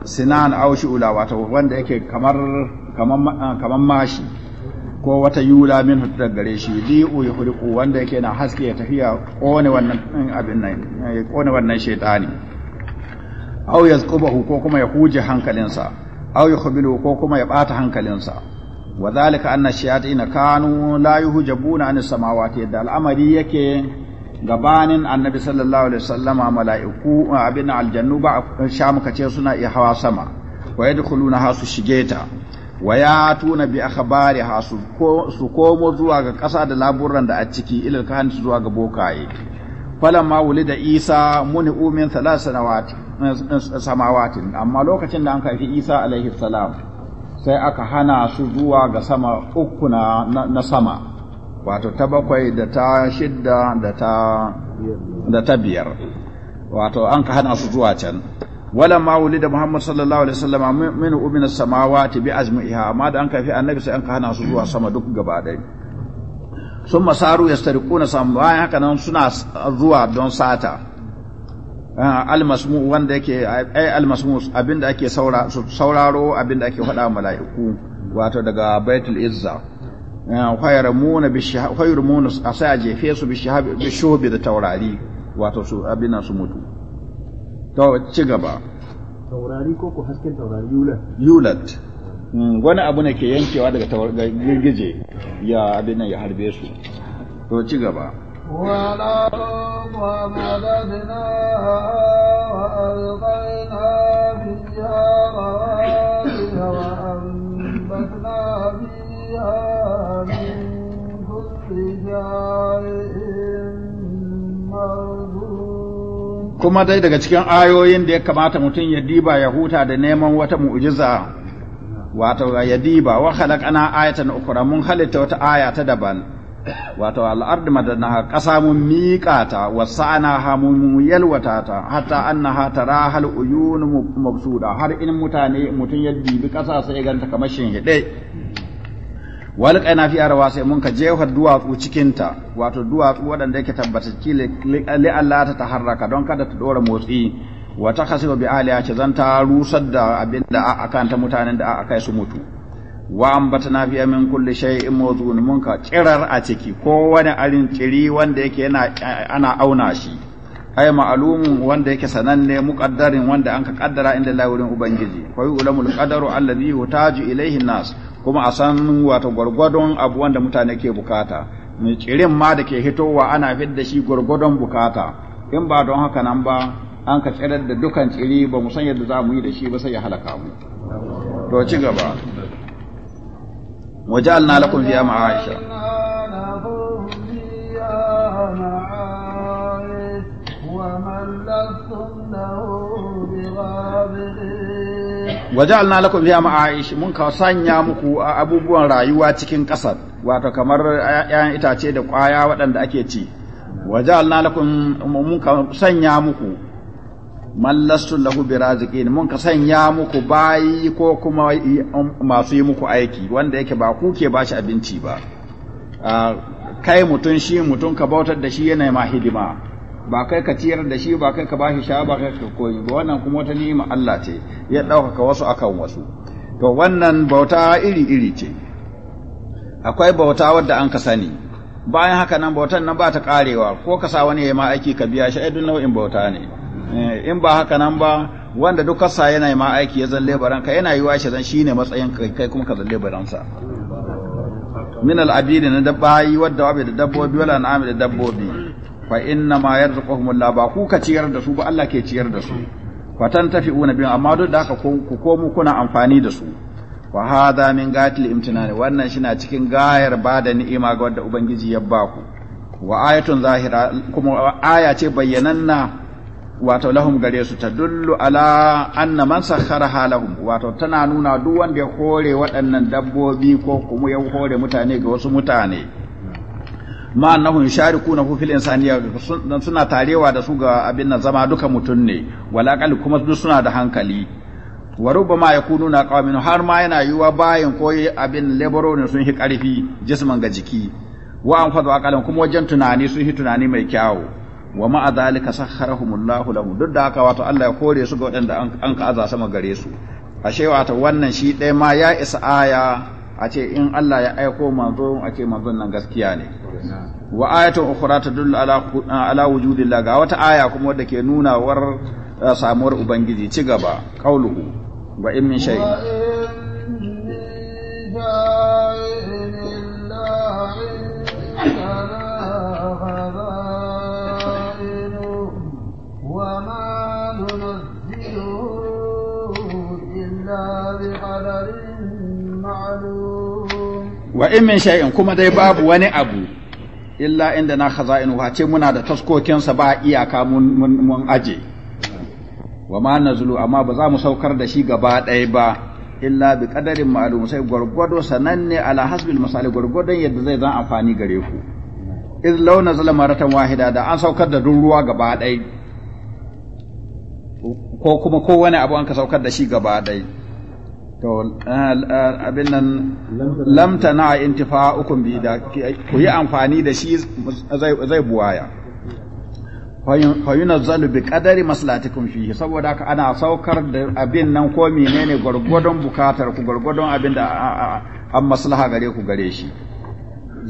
sinan aw shi'ula wato wanda yake kamar kamar kamar mashi ko wata yula min hutu gare shi li'u ya hulku wanda yake na haske ya tafiya kone wannan abin nan ya kone wannan shaytani aw yazqubahu ko kuma ya huje hankalinsa aw yukhbilu ko kuma ya bata hankalinsa wa zalika anna shayatin kanu la yuhjabuna an samawati da al'amari yake gabanin annabi sallallahu alaihi wasallama mala'iku abin aljannu ba kace suna iya hawa sama wa yadkhuluna hasu shigeta wa ya tuna bi akhbari hasu su komo zuwa ga ƙasa da laburan da a ciki ilal kahan zuwa ga bokaye falamma wulida isa muni umin thalath sanawati samawatin amma lokacin da an kafi isa alaihi salam sai aka hana su zuwa ga sama uku na, na sama wato ta bakwai da ta shidda da ta da ta biyar wato an ka hana su zuwa can wala ma da muhammad sallallahu alaihi wasallam min umin samawati bi azmiha amma da an kafi annabi sai an ka hana su zuwa sama duk gaba dai sun masaru ya stariƙuna sama bayan haka nan suna zuwa don sata Ah, almasmu wanda yake ai eh, almasmu abinda ake sauraro abinda ake faɗa mala'iku wato daga baitul izza ah, khayrumuna bi khayrumuna asa jefe su bi shuhbi da taurari wato su abina su mutu to ci gaba taurari ko ku hasken taurari yulat yulat hmm, wani abu ne ke yankewa daga girgije ya abin ya harbe su to ci gaba والأرض مددناها وألقينا فيها رواسي وأنبتنا فيها من كل kuma dai daga cikin ayoyin da ya kamata mutum ya diba ya huta da neman wata mu'jiza wato ya diba wa khalaqana ayatan ukra mun halitta wata aya ta daban wato al'ard madanaha ƙasa mun miƙa ta wasu ana hamun yalwata ta hatta annaha tara hal uyun mabsuda har in mutane mutum ya dibi ƙasa sai ganta kamar shinhiɗe wal qaina fi arwa sai mun ka jefa duwatsu cikinta ta wato duwatsu waɗanda yake tabbatacci li Allah ta taharraka don kada ta dora motsi wata ta khasiba bi aliya ce zan ta rusar da abin da akan ta mutanen da aka kai su mutu wa ambatana fiya min kulli shay'in mawdhun mun ka tsirar a ciki ko wani arin tsiri wanda yake yana ana auna shi Ai ma'lumun wanda yake sananne muqaddarin wanda anka kaddara inda la wurin ubangiji fa yu'lamul qadaru alladhi yutaju ilayhi nas kuma a san wata gwargwadon abu wanda mutane ke bukata mai tsirin ma da ke hitowa ana da shi gwargwadon bukata in ba don haka nan ba an ka tsirar da dukan tsiri ba mu san yadda za mu yi da shi ba sai ya halaka mu to ci gaba وجعلنا لكم فيها معايشة وجعلنا لكم فيها معايش mun ka sanya muku abubuwan rayuwa cikin ƙasar wato kamar ‘ya'yan itace da ƙwaya waɗanda ake ci waja'alna lakum mun ka sanya muku mallastu lahu bi raziqin mun ka sanya muku bayi ko kuma um, masu yi muku aiki wanda yake ba ku ke bashi abinci ba kai mutun shi mutun ka bautar da shi yana ma hidima ba kai ka ciyar da shi ba kai ka bashi sha ba kai ka koyi ba wannan kuma wata ni'ima Allah ce ya ɗaukaka wasu akan wasu to wannan bauta iri iri ce akwai bauta wadda an ka sani bayan haka nan bautan nan ba ta karewa ko ka sa wani ya ma aiki ka biya shi ai duk nau'in bauta ne Eh, in ba haka nan ba wanda duk kasa yana ma aiki ya zalle baranka yana yiwa shi zan shine matsayin kai kuma ka zalle baransa min al-abid na dabba yi wadda wabe da dabbobi wala na da dabbobi fa inna ma yarzuquhum Allah ba ku ka ciyar da su ba Allah ke ciyar da su fa una bin amma duk da haka ku komo kuna amfani da su wa hadha min gatil imtinani wannan na cikin gayar bada ni'ima ga wadda ubangiji ya ba ku wa ayatun zahira kuma aya ce bayyananna wato lahum gare su ta dullu ala anna man sakharaha lahum wato tana nuna duk wanda ya hore waɗannan dabbobi ko kuma ya hore mutane ga wasu mutane ma annahum sharikuna fi fil insaniya suna tarewa da su ga abin nan zama duka mutun ne wala kuma duk suna da hankali wa rubbama yakununa qawmin har ma yana yuwa bayin ko abin lebaro ne sun hi karfi jisman ga jiki wa an kuma wajen tunani sun hi tunani mai kyawu wa ma'a zalika sakharahumullahu lahu duk da haka wato Allah ya kore su ga waɗanda an ka aza sama gare su ashe wato wannan shi ɗaya ma ya isa aya a ce in Allah ya aiko manzo a ce manzon nan gaskiya ne wa ayatun ukhra tadullu ala ala wujudillah ga wata aya kuma wadda ke nuna war uh, samuwar ubangiji ci gaba qauluhu wa in min shay'in Allah wa in min sha'in kuma dai babu wani abu illa inda na khaza'in wa ce muna da taskokinsa ba iyaka mun, aje wa ma nazulu amma ba za mu saukar da shi gaba ɗaya ba illa bi qadarin ma'lum sai gurgudo sananne ala hasbil masal gurgudan yadda zai zan amfani gare ku iz law nazala maratan wahida da an saukar da ruwa gaba ɗaya ko kuma ko wani abu an ka saukar da shi gaba ɗaya To, abin nan lamta na intifa ukun bi da ku yi amfani da shi zai buwaya. Fayunar zalu bi ƙadari maslatikun fihi, saboda ka ana saukar da abin nan ko ne ne gwargwadon bukatar ku gwargwadon abin da an maslaha gare ku gare shi.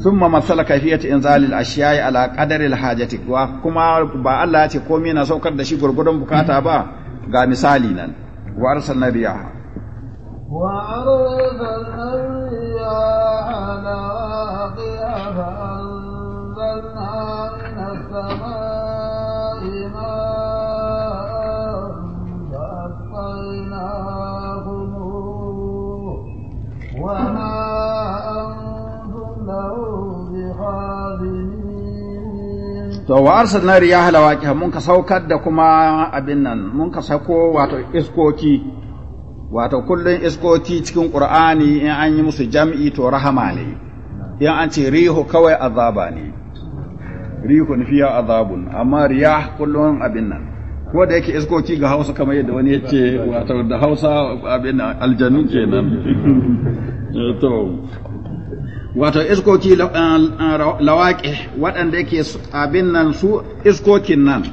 Sun ma matsala kafiyyar inzalil a shiyayi ala ƙadarin hajjati, kuma ba Allah ya ce komi na saukar da shi gwargwadon bukata ba ga misali nan, wa arsa nabiya. وعرف الأنبياء نواقع فأنزلنا من السماء ماء فأسقيناكم وما to wa arsalna riyaha lawaqiha mun ka saukar da kuma abin nan mun ka sako wato iskoki wato kullun iskoti cikin qur'ani in an yi musu jam'i to rahama ne in an ce rihu kawai azaba ne rihun fiya azabun amma riyah kullun abin nan ko da yake iskoki ga Hausa kamar yadda wani yake wato da Hausa abin aljanu kenan [LAUGHS] to wato iskoki eh, eh, lawaƙi waɗanda yake abin nan su iskokin nan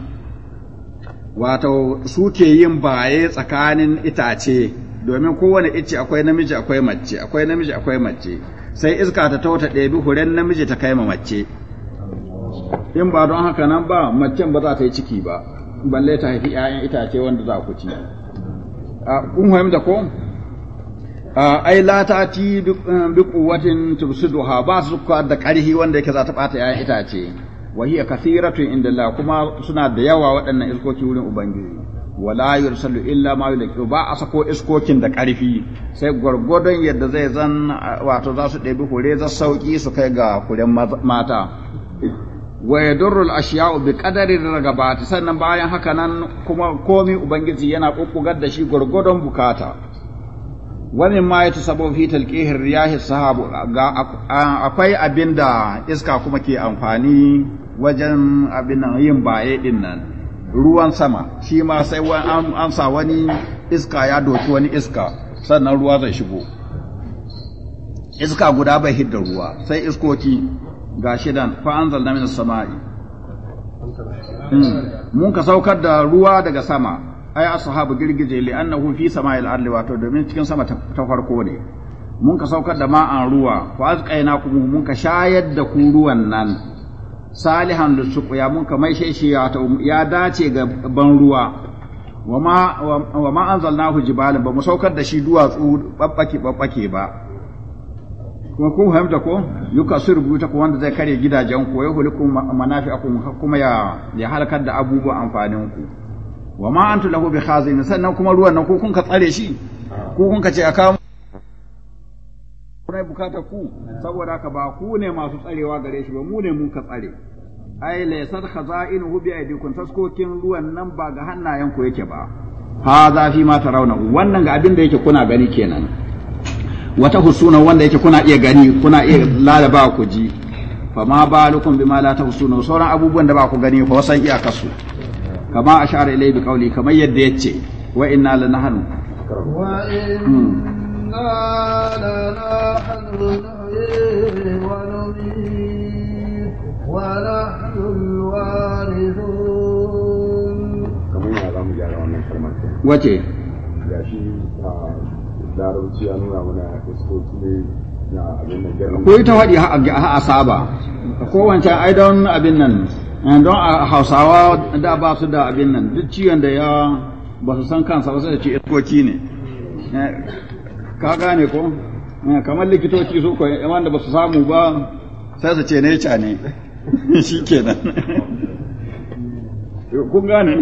wato ke yin baye tsakanin itace domin kowane icce akwai namiji akwai mace akwai namiji akwai mace sai iska ta tawo ta ɗebi huren namiji ta kai ma mace in ba don haka nan ba macen ba za ta yi ciki ba balle ta haifi 'ya'yan itace wanda za ku ci kun fahimta ko ai la ta ti bi quwwatin tubsiduha ba su da karhi wanda yake za ta bata 'ya'yan itace wa hiya kathiratun inda Allah kuma suna da yawa waɗannan iskoki wurin ubangiji wala yursalu illa ma yulqi ba a sako iskokin da ƙarfi sai gwargwadon yadda zai zan wato za su ɗebi hure za sauki su kai ga kuren mata wa yadurru al-ashya'u bi qadari ragabati sannan bayan haka nan kuma komi ubangiji yana kokkugar da shi gwargwadon bukata wa mimma yatasabu fi talqihir riyahi sahabu akwai abinda iska kuma ke amfani wajen abin yin baye din nan ruwan sama shi ma sai an sa wani iska ya doki wani iska sannan ruwa zai shigo iska guda bai hidda ruwa sai iskoki ga shidan fa’an anzalna min sama'i hmm. mun ka saukar da ruwa daga sama ai ashabu girgije li annahu fi sama'il ardi wato domin cikin sama ta farko ne mun ka saukar da ma'an ruwa fa azqaina kuma mun ka shayar da ku ruwan nan salihan su ya mun kamar shi ya dace ga ban ruwa wa ma hu jibalan ba mu saukar da shi duwatsu babbake babbake ba kuma kun fahimta ko yuka su rubuta ko wanda zai kare gidajen ku ya manafi manafi'akum kuma ya ya halakar da abubuwan amfanin ku wa ma antu lahu bi khazin sannan kuma ruwan nan ku kun ka tsare shi ku kun ka ce a kawo kuna bukata ku saboda haka ba ku ne masu tsarewa gare shi ba mu ne mun ka tsare ai laysat khaza'inuhu bi aydikum taskokin ruwan nan ba ga hannayen ku yake ba ha za fi ma tarawna wannan ga abin da yake kuna gani kenan wata husuna wanda yake kuna iya gani kuna iya lalaba ku ji fa ma balukum bima la tahsunu sauran abubuwan da ba ku gani fa wasan kasu kama ashara ilai bi qawli kamar yadda yace wa inna lanahnu wa hmm. إنا لنحن نحيي ونميت ونحن الوارثون كم يعلم جارة من كلمة na ko ita faɗi a asaba ko wancan ai don abin nan eh, don a hausawa da ba su da abin nan duk ciwon da ya ba su san kansa ba su da ce iskoki ne eh, ka gane ko eh, kamar likitoci su ko yawan da ba su samu ba sai su ce ne ca [LAUGHS] ne shi kenan [LAUGHS] kun gane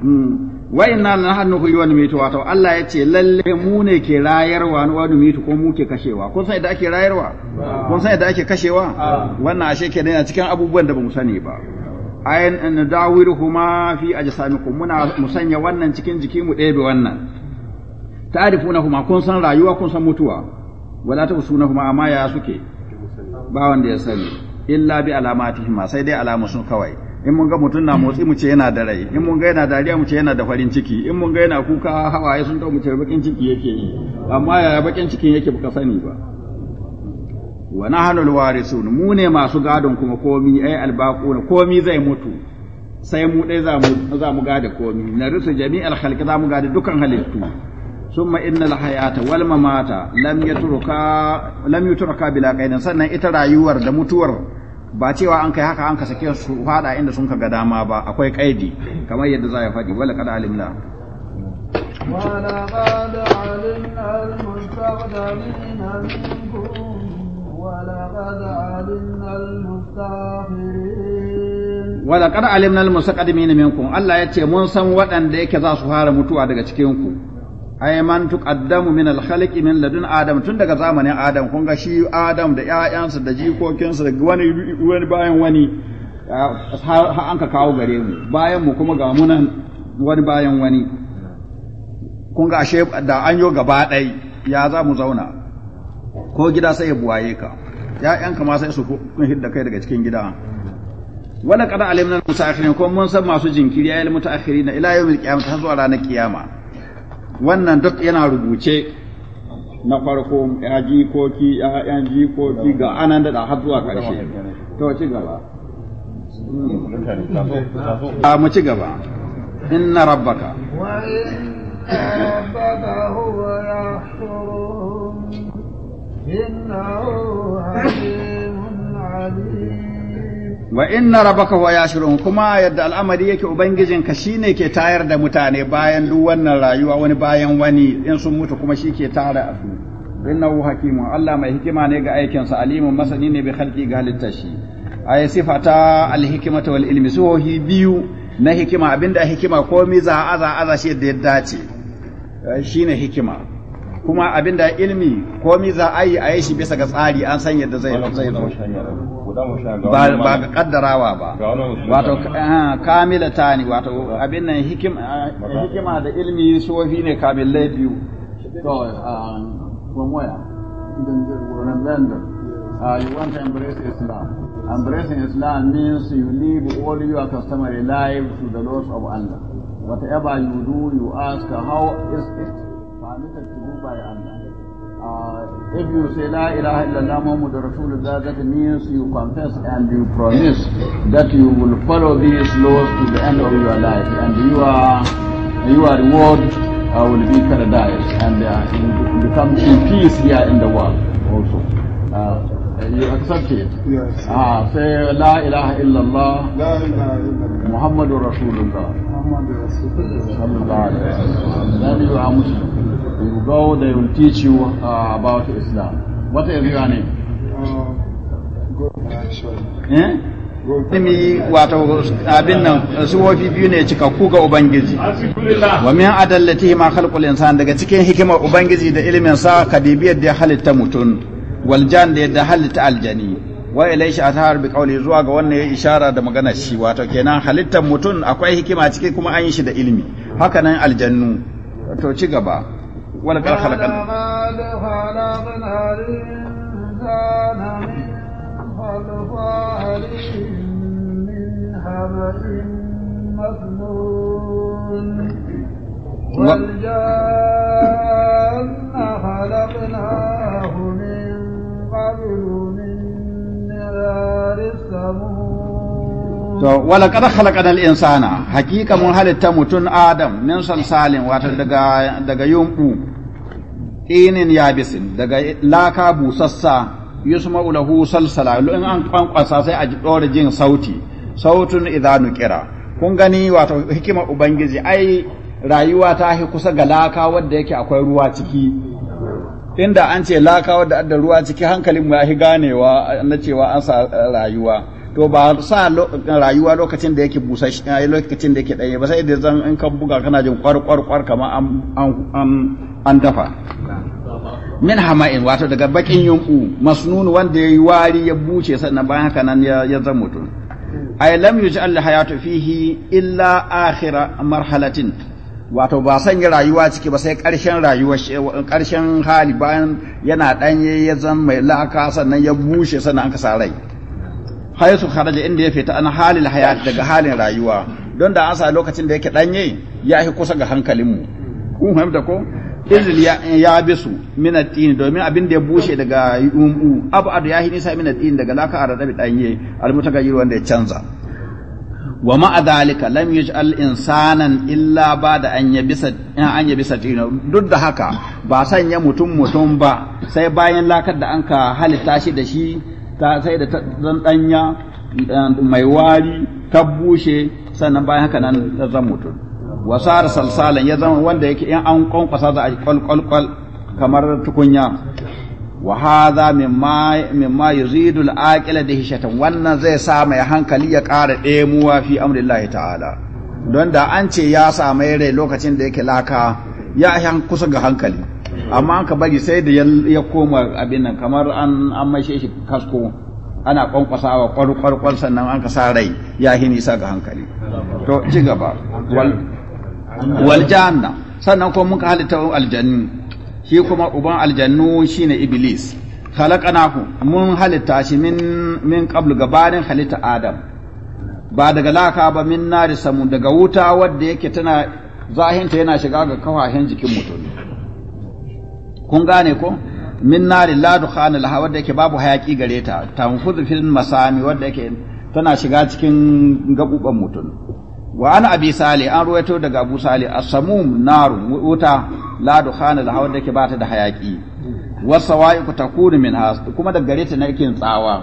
hmm. wa inna nahnu wani mitu wato Allah ya ce lalle mu ne ke rayarwa wani mitu ko mu ke kashewa kun san da ake rayarwa kun san da ake kashewa wannan ashe ke yana cikin abubuwan da mu sani ba ayin an dawiruhuma fi ajsamikum muna musanya wannan cikin jiki mu ɗebe wannan ta'rifunahuma kun san rayuwa kun san mutuwa wala ta'usunahuma amma ya suke ba wanda ya sani illa bi alamatihima sai dai alamu sun kawai in mun ga mutum na motsi mu ce yana da rai in mun ga yana dariya mu ce yana da farin ciki in mun ga yana kuka hawaye sun tau mu ce bakin ciki yake yi amma yaya bakin cikin yake baka sani ba wa nahnu alwarisun mu ne masu gadon kuma komi ai albaquna komi zai mutu sai mu dai za mu za mu gada komi na rusu jami'al khalqi za mu gada dukan halittu ثم إن الحياة والممات لم lam لم lam بلا bila سنن sannan ita rayuwar da mutuwar ba cewa an kai haka an ka sake su fada inda sun ka ga dama ba akwai kaidi kamar yadda za ya fadi wala qad alimna ولقد علمنا المستقدمين منكم ولقد علمنا علمنا المستقدمين منكم الله ce من سن waɗanda yake za su fara mutuwa daga ku ai man tuqaddamu min al-khaliqi min ladun adam tun daga zamanin adam kun ga shi adam da ƴaƴansa da jikokinsa da wani wani bayan wani ha an ka kawo gare mu bayan mu kuma ga munan wani bayan wani kun ga ashe da an yo gaba ɗai ya za mu zauna ko gida sai ya buwaye ka ƴaƴanka ma sai su kun hidda kai daga cikin gida wala qad alimna al-musaakhirin ko mun san masu jinkiri ya ilmu ta'akhirin ila yawmil qiyamah har zuwa ranar kiyama wannan duk yana rubuce na farko ya jikoki ya jikoki ga anan da har zuwa ƙarshe to ci gaba a mu ci gaba inna rabbaka إنه حكيم عليم wa inna rabbaka wa yashirun kuma yadda al'amari yake ubangijin ka shine ke tayar da mutane bayan duk wannan rayuwa wani bayan wani in sun mutu kuma shi ke tara su innahu hakimu Allah mai hikima ne ga aikin sa alimun masani ne bi khalqi ga halitta shi ay sifata alhikmata wal ilmi hi biyu na hikima abinda hikima komai za a za a shi yadda ya dace shine hikima kuma abin da ilmi komi za a yi a yi shi bisa ga tsari an san yadda zai zai zo ba ga ah, kaddarawa ba wato kamila tani wato abin nan hikima ah, da ilmi sofi ne lai biyu to Uh, ah, you want to embrace Islam. Embracing Islam means you leave all your customary life to the laws of Allah. Whatever you do, you ask how is it permitted to by Allah. Uh, if you say La ilaha illallah Muhammadur Rasulullah, that means you confess and you promise that you will follow these laws to the end of your life, and you are your reward uh, will be paradise, and uh, you become in peace here in the world also. Uh, you accept it? Yes. Ah, say La ilaha illallah. La ilaha illallah. Muhammadur Rasulullah. Muhammadur Rasulullah. Then you are Muslim. You go, they will teach you uh, about Islam. What is your name? wato abin nan biyu ne cikakku ga Ubangiji. Wa min adallati ma khalqul insan daga cikin hikimar Ubangiji da ilimin sa kadibiyar da ya halitta mutum wal jan da yadda halitta aljani wa ilaihi athar bi qawli zuwa ga wannan ya ishara da magana shi wato kenan halittar mutum akwai hikima cike kuma an yi shi da ilimi haka nan aljannu to ci gaba wala qad khalaqna والجن خلقناه من قبل من نار wala kada halakar al'insana, hakika mun halitta mutum Adam, min salsalin, wata daga yunɓu. tinin yabisin daga laka busassa yusma lahu salsala in an kwankwasa sai a ɗora jin sauti sautun idza nukira kun gani wato hikima ubangiji ai rayuwa ta hi kusa ga laka wanda yake akwai ruwa ciki inda an ce laka wadda adda ruwa ciki hankalin mu ya ganewa na cewa an sa rayuwa to ba sa rayuwa lokacin da yake busa lokacin da yake ɗanye ba sai da zan in ka buga kana jin kwarkwarkwar kamar an dafa min hama'in wato daga bakin yunku masnun wanda ya yi wari ya buce sannan bayan haka nan ya zan mutum ay lam yuj'al hayatu fihi illa akhira marhalatin wato ba yi rayuwa ciki ba sai ƙarshen rayuwa ƙarshen hali bayan yana ɗanye ya zan mai la'aka sannan ya bushe sannan an ka sa rai haisu haraja inda ya fita an halil hayat daga halin rayuwa don da asa lokacin da yake danye ya yi kusa ga hankalinmu kun fahimta ko izil ya bisu min tin domin abin da ya bushe daga abu abadu ya nisa min tin daga laka aradabi danye almutagayyir wanda ya canza wa ma'a dhalika lam yaj'al insanan illa ba'da an yabisa an yabisa duk da haka ba sanya mutum mutum ba sai bayan lakar da anka halitta shi da shi ta sai da zan danya eh, mai wari ta bushe sannan bayan haka nan zan mutum wasar salsalan ya zama wanda yake in an kwankwasa za a yi kwalkwalkwal kamar tukunya wa hadha mimma mimma yuzidu al-aqila dihshatan wannan zai sa mai hankali ya ƙara ɗemuwa fi amrillahi ta'ala don da an ce ya samu rai lokacin da yake laka ya kusa ga hankali amma an ka bari sai da ya koma abin nan kamar an an shi kasko ana kwankwasawa kwarkwarkwar sannan an ka sa rai ya hi nisa ga hankali to ci gaba wal janna sannan ko muka ka halitta aljannu shi kuma uban aljannu shine iblis khalaqnahu mun halitta shi min min qabl gabanin halitta adam ba daga laka ba min nari samu daga wuta wadda yake tana zahinta yana shiga ga kawashen jikin mutum kun gane ko min narin la dukhana laha yake babu hayaki gare ta tanfudu fil masami wanda yake tana shiga cikin gabuban mutum wa ana abi sali an ruwaito daga abu sali as narun wuta la dukhana laha yake bata da hayaki wasawa'iqu takunu min has kuma daga gare ta nake tsawa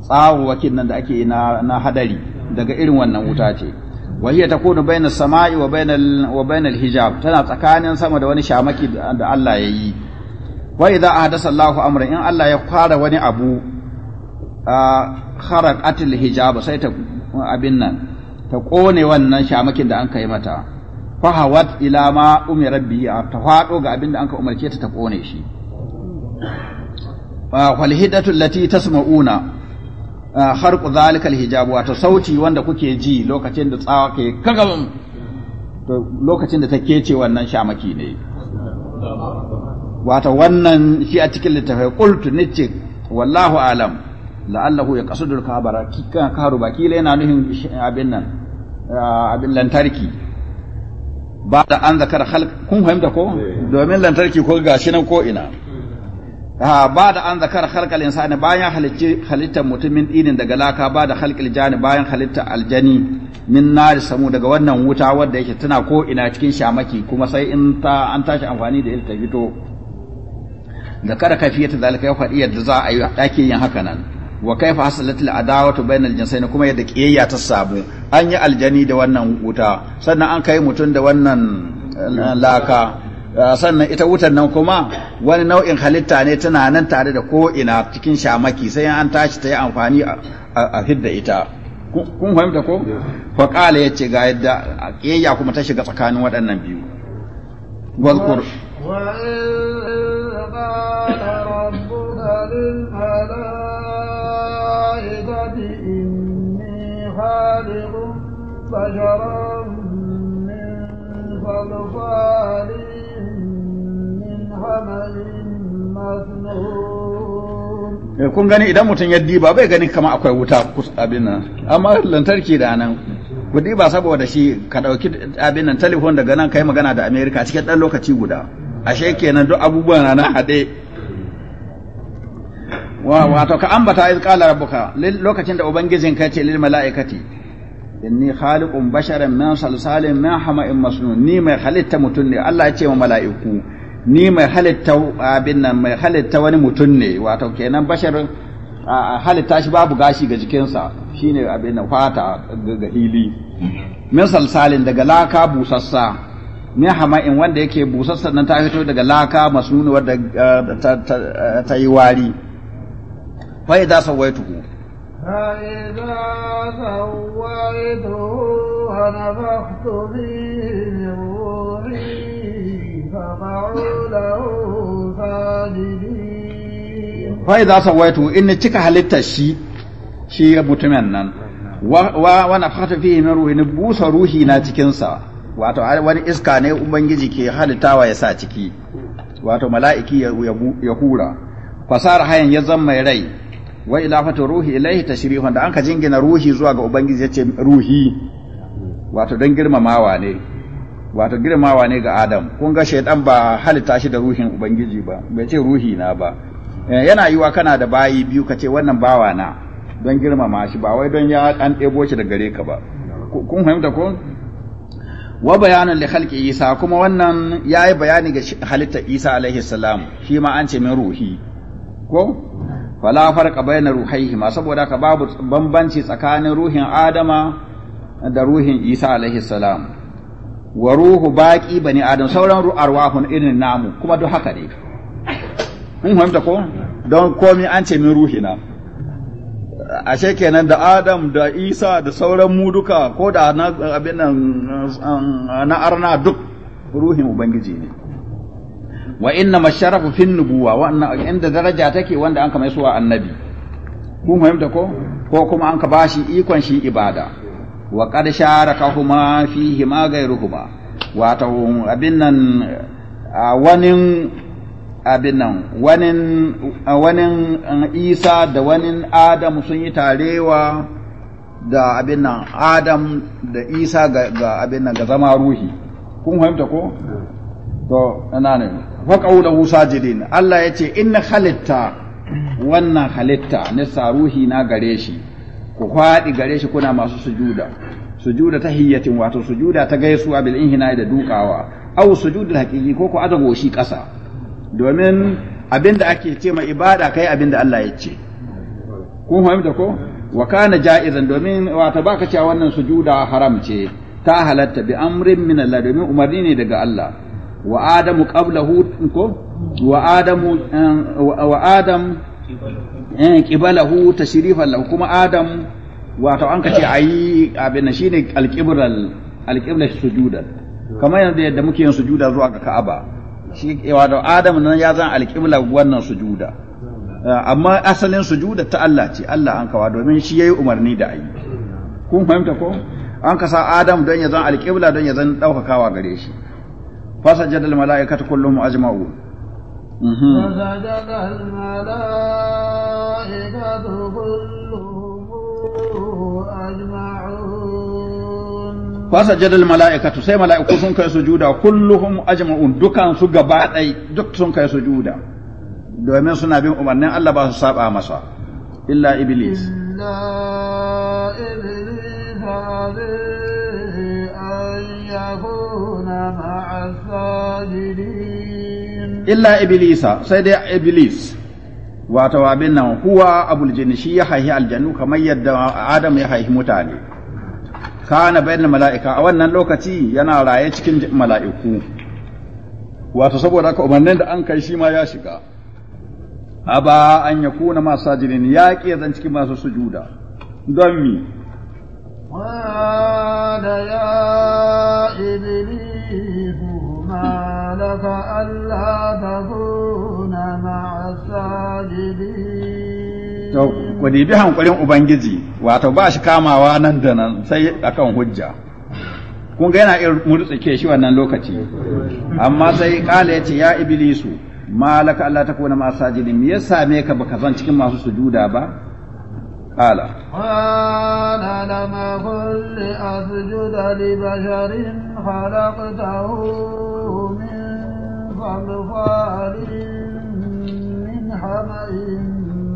tsawo wakin nan da ake na hadari daga irin wannan wuta ce wa ta takunu baina samai wa bayna hijab tana tsakanin sama da wani shamaki da Allah ya yi wa a ahdasa Allah amran in Allah ya fara wani abu kharaqatil hijab sai ta abin nan ta kone wannan shamakin da an yi mata fa hawat ila ma umira bi ta fado ga abin da an ka umarce ta ta kone shi fa wal hidatu allati tasma'una Ah, harku zalikal hijab wato sauti wanda kuke ji lokacin da tsawa ke kagam to lokacin da ta kece wannan shamaki ne wato wannan shi a cikin littafai qultu nace wallahu alam la'allahu ya kasudu kabara kika karu baki la yana nuhin abin nan ah, abin lantarki ba da an zakar khalq kun fahimta ko eh. domin lantarki ko gashi nan ko ina ba da an zakar halkal insani bayan halicci halittar mutumin dinin daga laka ba da halkal jani bayan halittar aljani min nari samu daga wannan wuta wadda yake tana ko ina cikin shamaki kuma sai in ta an tashi amfani da ita ta fito da kada kafiyata zalika ya faɗi yadda za a yi ɗakin yin haka nan wa kaifa hasalat al adawatu bainal jinsayn kuma yadda kiyayya ta sabu an yi aljani da wannan wuta sannan an kai mutum da wannan eh, laka Ah, sannan ita wutar nan kuma wani nau'in halitta ne tana nan tare da ko ina cikin shamaki sai an tashi ta yi amfani a fidda ita kun fahimta ko fa ya yace ga yadda kiyayya kuma ta shiga tsakanin waɗannan biyu wazkur خالق بشرا من Eh, kun gani idan mutum ya diba bai gani kama akwai wuta abin nan amma lantarki da nan ku diba saboda shi ka ɗauki abin nan telefon daga nan kai magana da amerika cikin ɗan lokaci guda ashe kenan duk abubuwan na haɗe wato ka ambata iz qala rabbuka lokacin da ubangijin ka ce lil malaikati inni khaliqun basharan min salsalin min hama'in masnun ni mai halitta mutun ne Allah ya ce wa mala'iku ni mai halitta abin nan mai halitta wani mutum ne wato kenan bashar halitta shi babu gashi ga jikinsa shine abin nan fata ga hili min salsalin daga laka busassa min hama'in wanda yake busassa nan ta fito daga laka nuna wadda ta yi wari fa idza فإذا سويته فإذا سويته إن تك هلت الشي شي متمنن wa nafkhata fihi min ruhi busa ruhi na cikin wato wani iska ne ubangiji ke halittawa ya sa ciki wato mala'iki ya hura fasara hayan ya zama mai rai wa ilafatu ruhi ilaihi tashrifan da anka jingina ruhi zuwa ga ubangiji yace ruhi wato don girmamawa ne wato girmawa ne ga adam kun ga shaidan ba halitta shi da ruhin ubangiji ba bai ce ruhi na ba eh, yana yiwa kana da bayi biyu ka ce wannan bawa na don girmama shi ba wai don ya an ɗebo shi da gare ka ba kun fahimta ko wa bayanan li khalqi isa kuma wannan ya yi bayani ga halitta isa alaihi salam shi ma an ce min ruhi ko ka farqa bayna ma saboda ka babu bambanci tsakanin ruhin adama da ruhin isa alaihi salam wa ruhu baqi bani adam sauran arwahun irin namu kuma duk haka ne in fahimta ko don komi an ce min ruhi na ashe kenan da adam da isa da sauran mu duka ko da na abin na arna duk ruhin ubangiji ne wa inna masharafu fin nubuwa wannan inda daraja take wanda an kama suwa annabi kun fahimta ko ko kuma an ka bashi ikon shi ibada wa qad sharakahuma fihi ma ghayruhuma wato abin nan wani abin nan Isa da wanin Adam sun yi tarewa da abin nan Adam da Isa ga abin nan ga zama ruhi kun fahimta ko to na ne fa qawluhu sajidin Allah yace inna khalitta wannan halitta na ruhi na gare shi ku faɗi gare shi kuna masu sujuda sujuda ta hiyyatin wato sujuda ta gaisuwa bil inhina da dukawa aw sujudul haqiqi ko ku azago shi ƙasa domin abinda ake ce ma ibada kai abinda Allah ya ce kun fahimta ko wa kana ja'izan domin wato baka cewa wannan sujuda haram ce ta halatta bi amrin min Allah domin umarni ne daga Allah wa adamu qablahu ko wa adamu eh, wa adam Eh, qibalahu tashrifan lahu kuma adam wato an ka ce ayi abin shine alqibral alqibla sujudan kamar yanzu yadda muke yin sujuda zuwa ga Ka'aba shi wato adam nan ya zan alqibla wannan sujuda eh, amma asalin sujuda ta Allah ce Allah an kawa domin shi yayi umarni da ayi kun fahimta ko an ka sa adam don ya zan alqibla don ya zan daukakawa gare shi fasajjadal mala'ikatu kulluhum ajma'un فسجد الملائكة كلهم أجمعون فسجد الملائكة سي ملائكة سنك سجودا كلهم أجمعون دكان سجبات أي دك سنك سجودا domin suna bin umarnin Allah ba su saba masa illa iblis illa iblis أن يكون مع الساجدين illa iblisa sai dai iblis wato abin nan huwa abul jinni shi ya haihi aljannu kamar yadda adam ya haihi mutane kana bayan mala'ika a wannan lokaci yana raye cikin mala'iku wato saboda haka umarnin da an kai shi ma ya shiga aba an ya yakuna masajidin ya ke zan cikin masu sujuda don mi ما لك ألا تكون مع الساجدين to ku dibi hankulin ubangiji wato ba shi kamawa nan da nan sai akan hujja kun ga yana irin murtsike shi wannan lokaci amma sai kala ce ya iblisu malaka Allah ta kuna masajidin me ya same ka baka zan cikin masu sujuda ba قال قال لم أكن لأسجد لبشر خلقته من صلصال من حمأ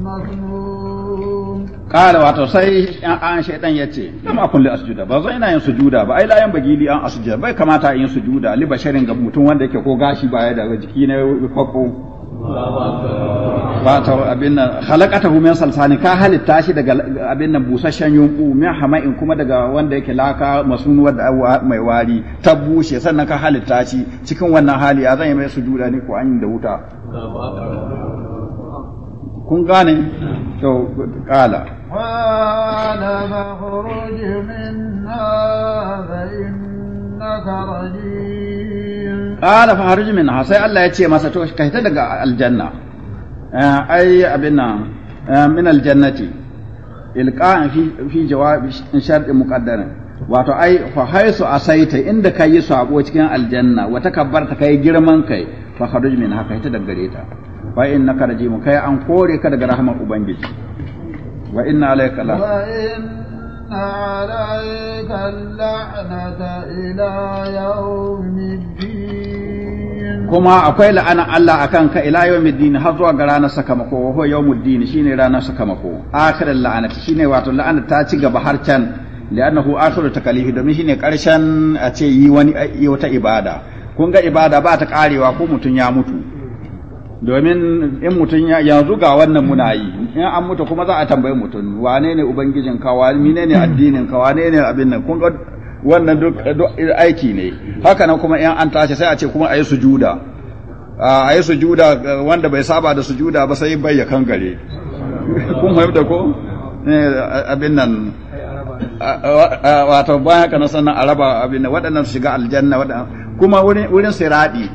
مسنون قال wato sai an shaitan ya ce lama kun li asjuda ba yi ina yin sujuda ba ai layan bagi li an asjuda bai kamata yin sujuda li basharin ga mutum wanda yake ko gashi baya daga jiki na kwakko wato abin nan khalaqatahu min salsani ka halitta shi daga abin nan busasshen yunku min hama'in kuma daga wanda yake laka masunuwar da mai wari ta bushe sannan ka halitta shi cikin wannan hali ya zan yi mai sujuda ne ko an da wuta kun gane to kala qala makhruj minna fa innaka rajim ƙala fa harij min sai Allah ya ce masa to ka fita daga aljanna eh, ai abin nan eh, min aljannati ilqa'an fi fi jawabi shart muqaddarin wato ai fa haisu asaita inda ka yi sabo cikin aljanna wa takabbarta kai girman kai fa harij min haka ita daga Wa ta fa innaka mu kai an kore ka daga rahmar ubangiji wa inna alayka la عليك اللعنة إلى يوم الدين kuma akwai la'ana Allah akan ka ila yawmiddin har zuwa ga ranar sakamako wa huwa shi shine ranar sakamako la'anar shi shine wato la'anar ta ci gaba har can da li'annahu ta kalifi domin shine karshen a ce yi wani wata ibada kun ga ibada ba ta karewa ko mutum ya mutu domin in mutum ya yanzu ga wannan muna yi in an mutu kuma za a tambayi mutum wane ne ubangijin ka wane ne addinin ka wane ne abin nan kun ga wannan duk aiki ne haka nan kuma in an tashi sai a ce kuma a yi sujuda a yi sujuda wanda bai saba da sujuda ba sai bai ya kangare [LAUGHS] kun fahimta ko eh, abin nan wato bayan haka na sannan a raba abin waɗannan su shiga aljanna kuma wurin siradi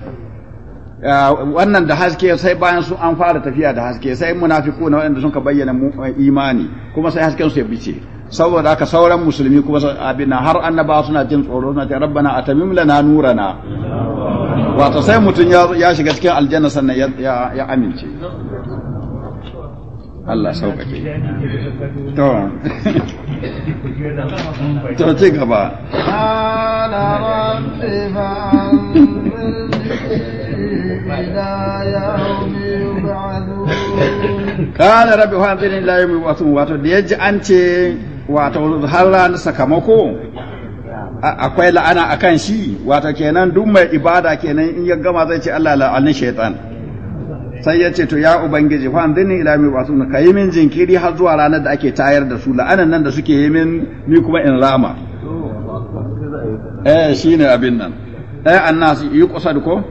wannan da haske sai bayan su an fara tafiya da haske sai munafiku na waɗanda sun ka bayyana imani kuma sai hasken su ya bice saboda haka sauran musulmi kuma abin har annaba suna jin tsoro suna ce rabbana atamim lana nurana wato sai mutum ya shiga cikin aljanna sannan ya amince Allah sauƙaƙe to [LAUGHS] to ci gaba قال رب فانظرني الى يوم يبعثون واتو da yaji an ce wato har ranar sakamako akwai la'ana a kan shi wato kenan duk mai ibada kenan in ya gama zai ce Allah la'anin shaitan sai ya ce to ya ubangiji fa andini ila mi basu ka yi min jinkiri har zuwa ranar da ake tayar da su la'anan nan da suke yi min ni kuma in rama eh shine abin nan eh annasi yi kusa ko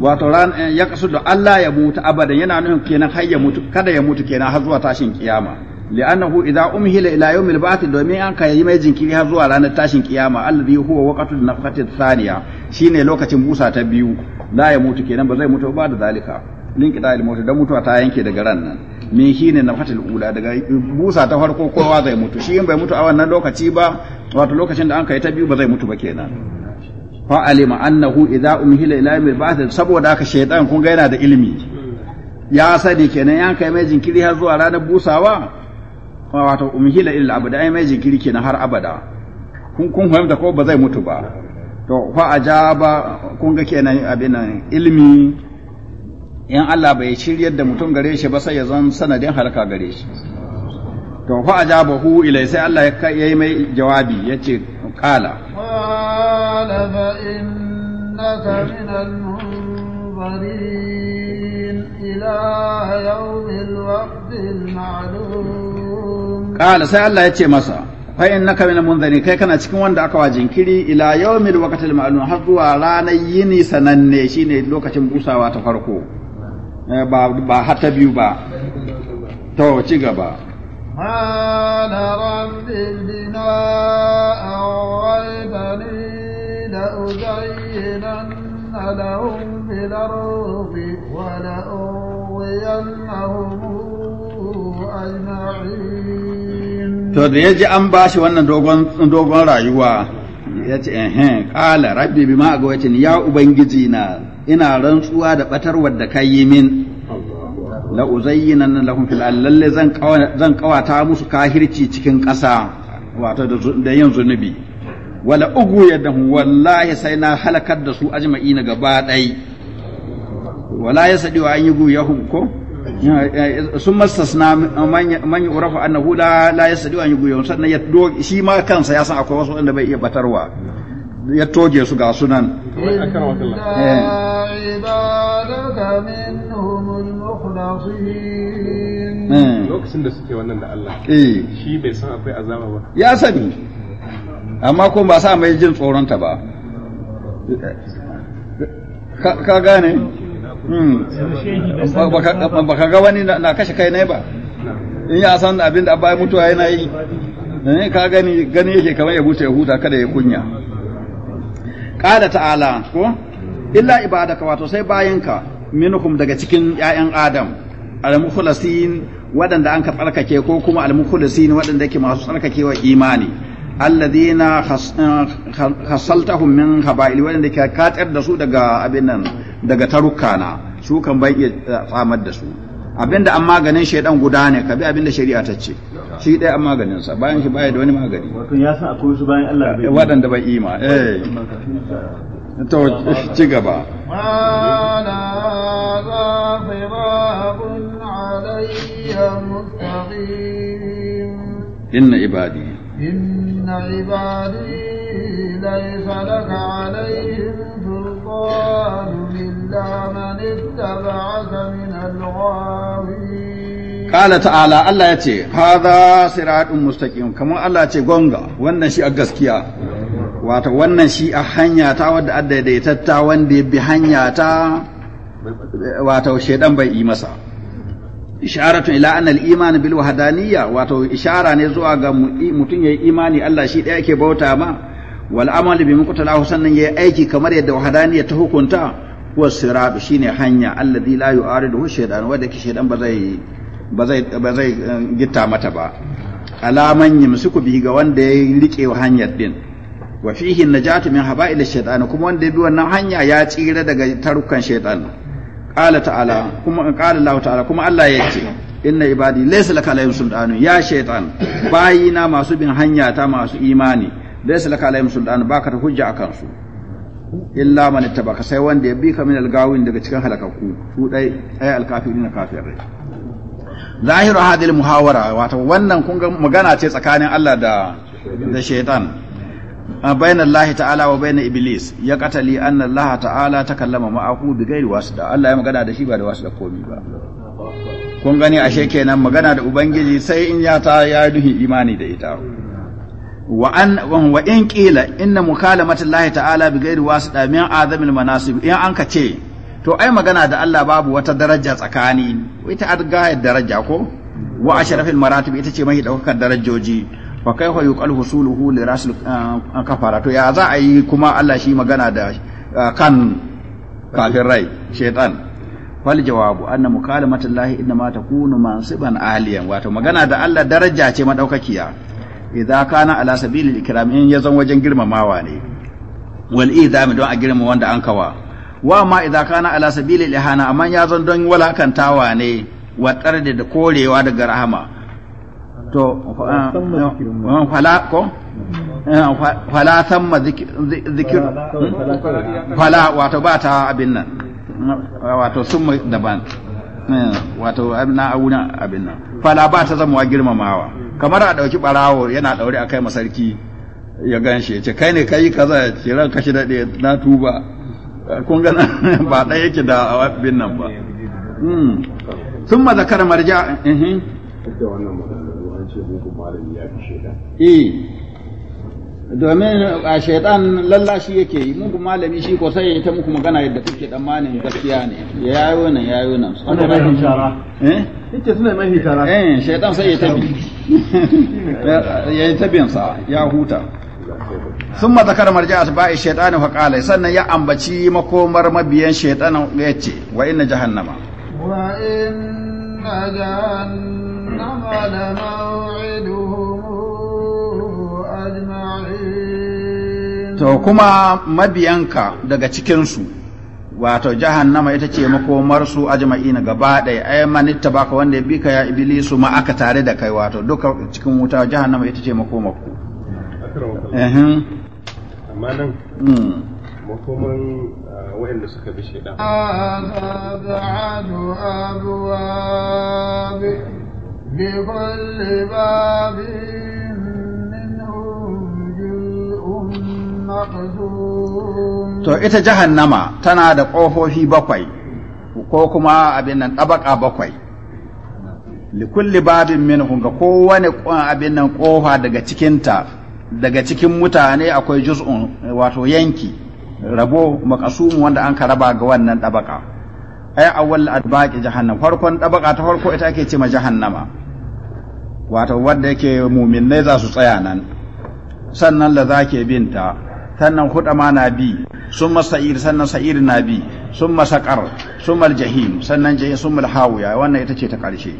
wato ran eh, ya kasu da Allah ya mutu abadan yana nufin kenan har ya mutu kada ya mutu kenan har zuwa tashin kiyama li'annahu idza umhila ila yawm al-ba'th domin an kai mai jinkiri har zuwa ranar tashin kiyama alladhi huwa waqtu nafkhati thaniya shine lokacin busa ta biyu la ya mutu kenan ba zai mutu ba da zalika linki da al mutuwa ta yanke daga ran nan min shine nafhatul busa ta farko zai mutu shi bai mutu a wannan lokaci ba wato lokacin da an kai ta biyu ba zai mutu ba kenan fa alima annahu idza umhila ila yawm al saboda haka shaytan kun ga yana da ilimi ya sani kenan yan kai mai jinkiri har zuwa ranar busawa wato umhila illa abada ai mai jinkiri kenan har abada kun kun fahimta ko ba zai mutu ba to fa ajaba kun ga kenan abin nan ilmi in Allah bai shiryar da mutum gare shi ba sai ya zan sanadin halaka gare shi to fa hu ilai sai Allah ya yayi mai jawabi yace qala qala fa innaka al munzirin ila yawmil waqtil ma'lum qala sai Allah ya ce masa fa innaka min munzani kai kana cikin wanda aka wa jinkiri ila yawmil waqtil ma'lum har zuwa ranar yini sananne shine lokacin busawa ta farko eh, ba ba hata biyu ba to ci gaba قال رب بما أغويتني لأزينن لهم في الأرض ولأغوينهم أجمعين to da ya ji an ba shi wannan dogon rayuwa ya ce "Ehe, ƙala rabbi bi ma agawacin ya ubangiji na ina rantsuwa da ɓatarwar da ka yi min la uzayyinan lahum fil lalle zan kawata musu kahirci cikin ƙasa wato da yin zunubi wala ugu yadda wallahi sai na halakar da su ajma'ina gaba ɗai wala yasadi wa an yi yahu ko sun mastasna man yurafu annahu la la yasdi an yuguyon sannan ya shi ma kansa ya san akwai wasu wanda bai iya batarwa ya toje su ga sunan eh. lokacin da suke wannan da Allah eh. shi bai san akwai azaba ba ya sani amma kuma ba sa mai jin tsoronta ba ka gane baka ga wani na kashe kai ne ba in ya san abin da mutuwa yana yi ne eh, ka gani gani yake kamar ya buta ya huta kada ya kunya qala ala ko illa ibadaka wato sai ka minhum daga cikin ya'yan adam al-mukhlasin waɗanda an ka tsarkake ko kuma al-mukhlasin waɗanda yake masu tsarkakewa imani alladhina khasaltahum min haba'il waɗanda ka katar da su daga abin nan daga tarukana su kan bai iya eh, tsamar da su abinda an maganin shaidan guda ne kabi abinda shari'a ta ce shi dai an maganin sa bayan shi baya da wani magani wato ya san akwai su bayan Allah bai eh, wadanda bai ima eh to ci gaba mala zafirabun alayya mustaqim inna ibadi inna ibadi laysa laka alayhim sultanun إلا من اتبعك من الغاوين قال تعالى الله يتي هذا صراط مستقيم كما الله يتي غونغا wannan shi a gaskiya wato wannan shi a hanya ta wadda tatta wanda ya bi hanya ta wato shedan bai yi masa isharatu ila anna al-iman bil wahdaniyya wato ishara ne zuwa ga mutum yayi imani Allah shi daya yake bauta ma wal amali bi muqtalahu sannan yayi aiki kamar yadda wahdaniyya ta hukunta huwa sirat shine hanya alladhi la yu'aridu shaytan wanda ke shaytan ba zai ba zai ba gitta mata ba alaman musuku bi ga wanda ya rike hanyar din wa fihi najatu min haba'il shaytan kuma wanda ya bi wannan hanya ya tsira daga tarukan shaytan qala ta'ala kuma qala Allah ta'ala kuma Allah ya ce inna ibadi laysa laka alayhim sultanu ya shaytan bayina masu bin hanya ta masu imani laysa laka alayhim sultanu baka ta hujja akan su illa man ittabaka sai wanda ya bi ka min algawin daga cikin halakakku su dai ay alkafirina kafirai zahiru hadhihi muhawara wato wannan kun ga magana ce tsakanin Allah da da shaytan Allah ta'ala wa bayan iblis ya katali anna Allah ta'ala takallama ma'ahu bi ghairi wasda Allah ya magana da shi ba da wasda komi ba kun gani ashe kenan magana da ubangiji sai in ya ta ya duhi imani da ita wa an wa in qila inna mukalamatullahi ta'ala bi ghairi wasita min azamil manasib in an ka ce to ai magana da Allah babu wata daraja tsakani ita arga daraja ko wa asharafil maratib ita ce mai daukar darajoji fa kaifa yuqal husuluhu li rasul ah, ah, kafara to ya za a yi kuma Allah shi magana da ah, kan kafin rai shaytan fal jawabu anna mukalamatullahi inna ma takunu mansiban aliyan wato magana da Allah daraja ce maɗaukakiya. idza kana ala sabili ikram in yazan wajen girmamawa ne wal idami don a girma wanda an kawa wa ma idza kana ala sabili ihana amma yazan don walakantawa ne wa tarde da korewa daga rahama to fala ko fala thamma zikir fala wato ba ta abin nan wato summa daban Eh, wato na auna abin nan fala ba ta zama girmamawa kamar a ɗauki ɓarawo yana ɗaure a kai masarki ya gan shi ya ce kai ne ka yi kaza ya ce ran kashi daɗe na tuba kun ga [LAUGHS] ba ɗaya yake da abin nan ba sun ma zakar marja eh domin a shaitan lallashi yake yi mugun malami shi ko sai ya ta muku magana yadda kuke tsammanin gaskiya ne ya yayo nan ya yayo nan ana mai hijara eh Ita suna mai hijara eh shaitan sai ya tabi [LAUGHS] ya tabin sa ya huta Sun summa zakara marja'at ba'i shaytani fa qala sannan ya ambaci makomar mabiyan shaytanin yace wa inna jahannama wa inna jahannama la maw'id to kuma mabiyanka daga cikinsu wato jahannama ita ce makomarsu ajma'ina gaba ɗaya ai man baka wanda ya bi ka ya iblisu ma aka tare da kai wato duka cikin wuta jahannama ita ce makomarku eh amma nan hmm. makoman ah, waɗanda suka bi shaidan لكل باب to ita jahannama tana da ƙofofi bakwai ko kuma abin nan ɗabaƙa bakwai likulli babin minhum ga kowane abin nan ƙofa daga cikinta daga cikin mutane akwai juz'un wato yanki rabo makasumu wanda an ka raba ga wannan ɗabaƙa ai awwal adbaqi jahannam farkon ɗabaƙa ta farko ita ake ce ma jahannama wato wanda yake mu'minnai za su tsaya nan sannan da zake binta sannan hudama na bi sun sa'ir sannan sa'ir na bi sun sakar sun jahim sannan jahim summa hawiya wannan ita ce ta karshe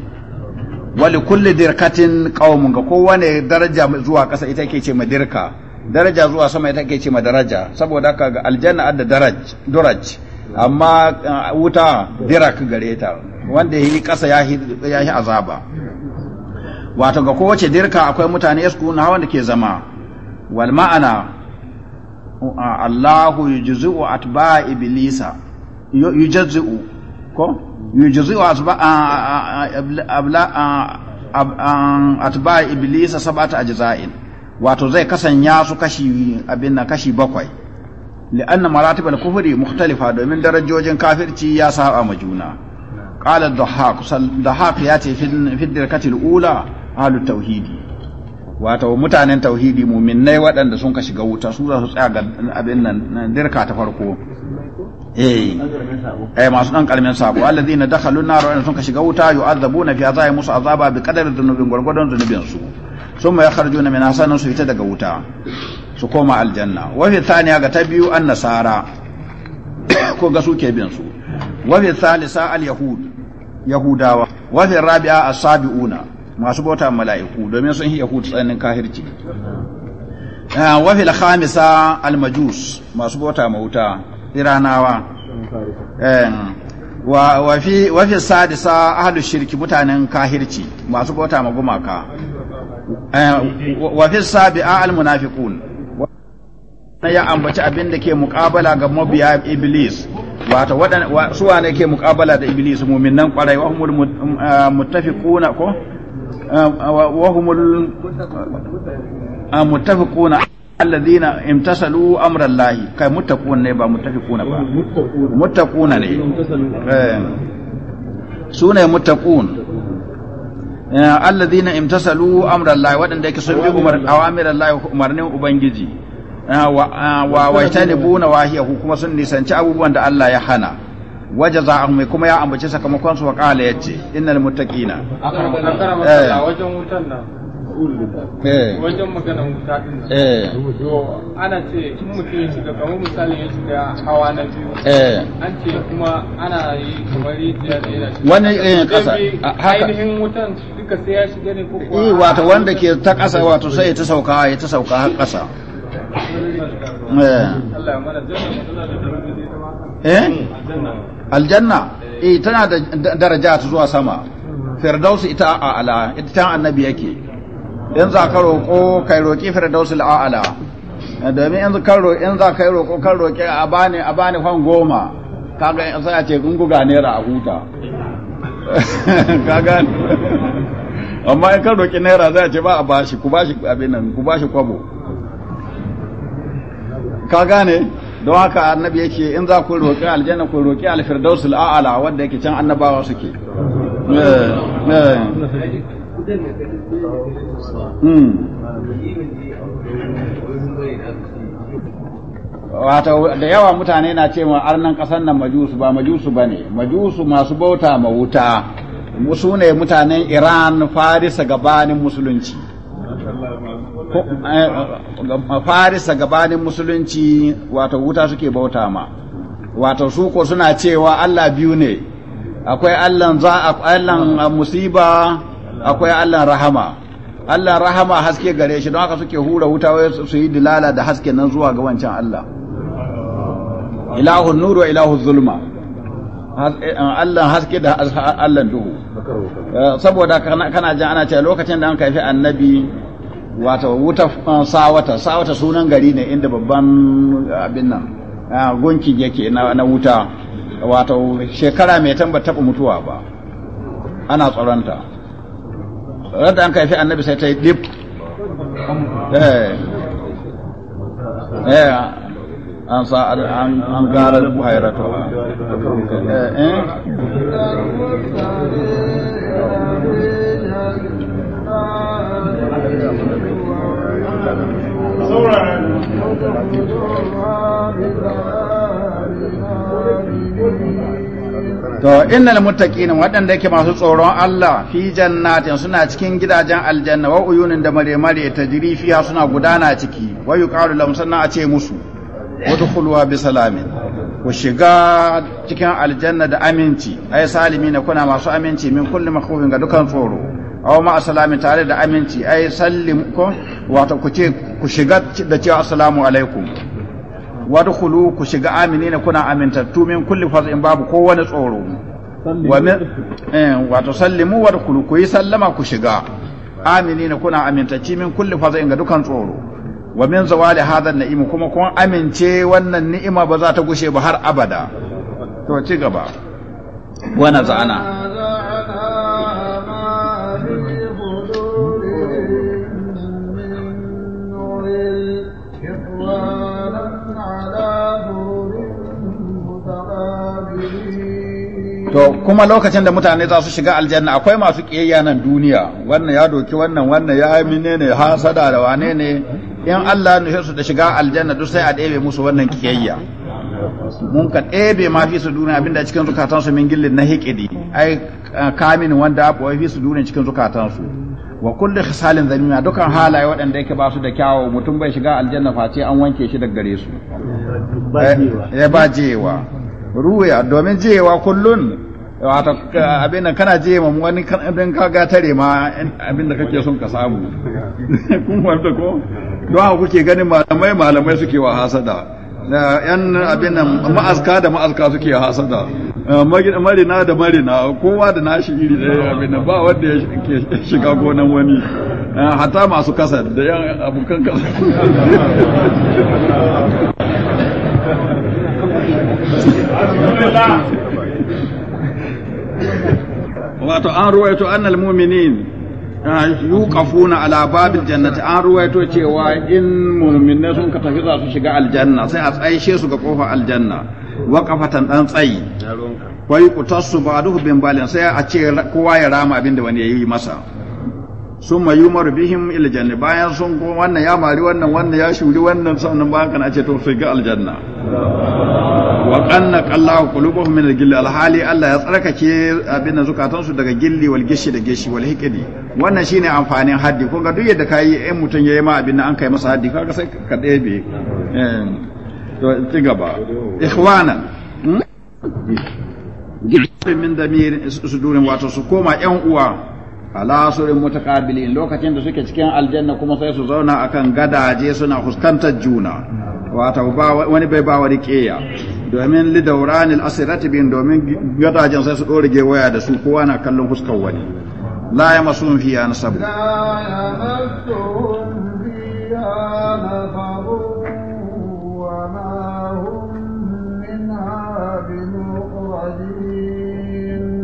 wali kulli dirkatin qaumun ga kowane daraja zuwa kasa ita ke ce madirka daraja zuwa sama ita ke ce madaraja saboda haka ga aljanna adda daraj duraj amma uh, wuta dirak gare ta wanda yi kasa ya yi azaba wato ga kowace dirka akwai mutane yasku na wanda ke zama wal ma'ana Allahu yujzi'u atba iblisa jizu'u ko yujzi'u asba atba iblisa sab'ata ajza'in wato zai kasanya su kashi abin na kashi bakwai li'anna maratibal kufuri mukhtalifa domin darajojin kafirci ya saba ma juna qala da haka ya ce fi dirkatil ula ahlut tauhidi wato mutanen tauhidi muminai waɗanda sun ka shiga wuta su za su tsaya ga abin nan dirka ta farko eh eh masu dan kalmin sabo alladhina dakhalu nar wa sun ka shiga wuta yu'adzabuna fi azabi musu azaba bi qadari dhunubin gurgudan dhunubin su summa yakhrujuna min hasanin su fita daga wuta su koma aljanna wa fi thaniya ga ta biyu an nasara [COUGHS] ko ga su ke bin su wa fi thalisa al yahud yahudawa wa fi rabi'a as-sabiuna masu bauta mala'iku domin sun yi hutu tsanin kahirci ah, wa fil khamisa al majus masu bauta mauta iranawa eh, wa wa fi wa fi sadisa ahlu shirki mutanen kahirci masu bauta ma gumaka eh, wa fi sabi'a al munafiqun na ya ambaci abin da ke muƙabala ga mabiya iblis wato waɗanda suwa ne ke muƙabala da iblis mu'minan ƙwarai wa humul ah, muttafiquna ko وهم المتفقون الذين امتثلوا امر الله كمتقون ne ba muttafiquna ba muttaquna ne sune muttaqun alladhina imtasalu amra Allah wadanda yake sun bi الله awamir Allah wa ubangiji wa wa wajtanibuna wahiyahu kuma sun nisanci abubuwan da Allah ya hana Waje za wajaza'ahum kuma ya ambaci sakamakon su wa qala yace innal muttaqina akan eh. wajen wutan nan eh. wajen magana wuta din eh. ana ce in mutum ya shiga kamar misali ya shiga hawa na biyu an ce kuma ana yi kamar yadda da yana shiga wani irin kasa haka ainihin wutan duka sai ya shiga ne ko kuwa wato wanda ke ta kasa wato sai ya ta sauka ya ta sauka har kasa eh aljanna eh tana da daraja ta zuwa sama firdaus ita a'ala ita ta annabi yake in za ka roƙo kai roƙi firdaus al'ala domin in ka roƙi in za ka roƙo kan roƙi a bani a bani fan goma kaga sai a ce gunguga naira a huta [LAUGHS] kaga amma in ka roƙi naira za a ce ba a bashi ku bashi abin nan ku bashi kwabo ka gane don haka annabi yake in za ku roƙi aljanna ku roƙi alfirdaus al'ala wanda yake can annabawa suke eh, eh. Hmm. wato da yawa mutane na ce ma arnan ƙasar nan majusu ba majusu ba ne majusu masu bauta ma wuta su ne mutanen iran farisa gabanin musulunci Eh, farisa gabanin musulunci wato wuta suke bauta ma wato su ko suna cewa Allah biyu ne akwai Allah za Allahn musiba akwai Allah rahama Allah rahama haske gare shi don haka suke hura wuta su yi dilala da haske nan zuwa ga wancan Allah ilahun nuru wa ilahun zulma eh, Allah haske da Allah duhu eh, saboda kana jan ana cewa lokacin da an kaifi annabi wata wuta uh, sawata sawata sunan gari ne inda babban uh, abin nan uh, gunkin yake na wuta wata shekara mai tamba taɓa mutuwa ba ana tsoronta radda an kaifi annabi sai ta yi dip eh. eh, an sa an gara To innal muttaqina waɗanda yake masu tsoron Allah fi jannatin suna cikin gidajen aljanna wa uyunin da mare mare jiri fiya suna gudana ciki wa yuqalu lahum sannan a ce musu kulwa bi salamin ku shiga cikin aljanna da aminci ai salimi na kuna masu aminci min kulli makhufin ga dukan tsoro aw ma assalamu tare da aminci ai sallim ko wato ku ce ku shiga da cewa assalamu alaikum wadkhulu ku shiga aminina kuna amintattu min kulli in babu ko wani tsoro eh, wato sallimu wadkhulu ku yi sallama ku shiga aminina kuna amintacci min kulli fazin ga dukan tsoro wa min zawali hadha na'im kuma kun amince wannan ni'ima ba za ta gushe ba har abada to ci gaba wa nazana to kuma lokacin da mutane za su shiga aljanna akwai masu kiyayya nan duniya wannan ya doki wannan wannan ya mine ne hasada da wane ne in Allah ya su da shiga aljanna duk sai a ɗebe musu wannan kiyayya mun ka ɗebe ma fi su duniya abinda cikin zukatan su min gillin na hikidi ai kamin wanda abu fi su duniya cikin zukatan su wa kullu khisalin zalima dukan halaye waɗanda yake ba su da kyawu mutum bai shiga aljanna face an wanke shi daga gare su ya ba jewa ruwa eh, eh, domin jewa kullun wato abin kana je ma wani dan ka tare ma abin da kake son ka samu [LAUGHS] kun wanda ko don haka kuke ganin malamai malamai suke wa hasada yan abin nan da ma'aska suke hasada marina da marina kowa da nashi iri da abin nan ba wanda ya shiga gonan wani hata masu kasa da yan abokan kasa [LAUGHS] Alhamdulillah wato an ruwaito annal mu'minin ah, yuqafuna ala babil jannati an ruwaito cewa in mu'minai sun ka tafi za su shiga aljanna sai a tsaishe su ga kofar aljanna waqafatan dan tsayi wai kutassu ba bin balin sai a ce kowa ya rama abin da wani yayi masa sun mayu bihim il janna bayan sun ko wannan ya mari wannan wannan ya shuri wannan sannan ba kana ce to sai ga aljanna wa qanna qallahu qulubuhum min al-gilli al-hali Allah ya tsarkake abin zukatan su daga gilli wal gishi da gishi wal hiqdi wannan shine amfanin haddi ko ga duk yadda kai ai mutun yayi ma abin an kai masa haddi kaga sai ka ɗebe ehm, to ci gaba ikhwana hmm? gilli min damir sudurin wato su koma yan uwa ala surin mutakabilin lokacin da suke cikin aljanna kuma sai su zauna akan gadaje suna fuskantar juna wata wani bai ba wani keya domin al-asirati bin domin gadajen sai su ɗorige waya da su kowa na kallon fuskar wani la ya masu fiya na sabu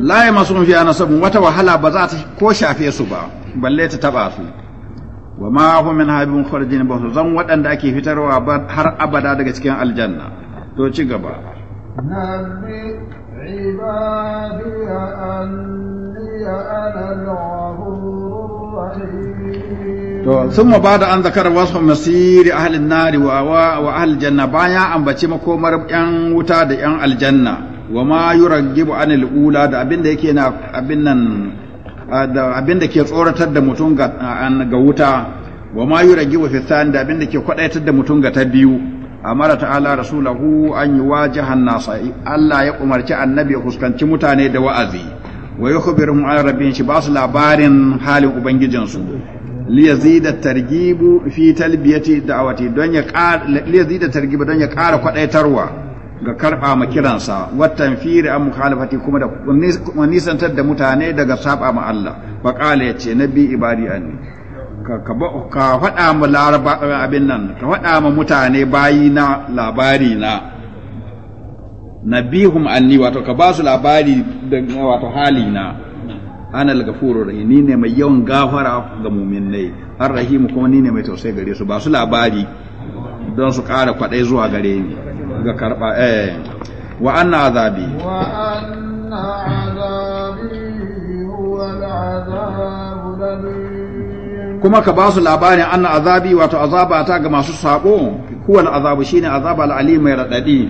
laye ya masu fi anasabun wata wahala ba za ta ko shafe su ba balle ta taba su wa ma hu min habibun kharijin ba su zan waɗanda ake fitarwa har abada daga cikin aljanna to ci gaba To, sun ma bada an zakar wasu masiri ahalin nari wa ahal janna bayan ambaci makomar ‘yan wuta da ‘yan aljanna. wa ma yuragibu anil ula da abin da yake na abin nan da abin da ke tsoratar da mutum ga ga wuta wa ma yuragibu fi than da abin da ke kwadaitar da mutum ga ta biyu amara ta'ala rasulahu an yuwajihan nasa Allah ya umarci annabi ya fuskanci mutane da wa'azi wa yukhbiruhum an rabbin shi basu labarin halin ubangijinsu li yazida targibu fi talbiyati da'awati don ya qara li yazida targibu don ya qara kwadaitarwa ga karfa ma kiransa watan firi an mukhalafati kuma da nisantar da mutane daga saba ma Allah wa qala yace nabi ibadi anni ka faɗa ma laraba abin nan ka faɗa ma mutane bayi na labari na nabihum anni wato ka ba su labari wato hali na ana al da rahim ni ne mai yawan gafara ga muminai? ar Rahimu kuma ni ne mai tausayi gare su ba su labari don su ƙara kwaɗai zuwa gare ni ga eh. wa anna azabi kuma ka ba su labarin anna azabi wato azaba ta ga masu sako kowane azabu shine azaba alali mai radadi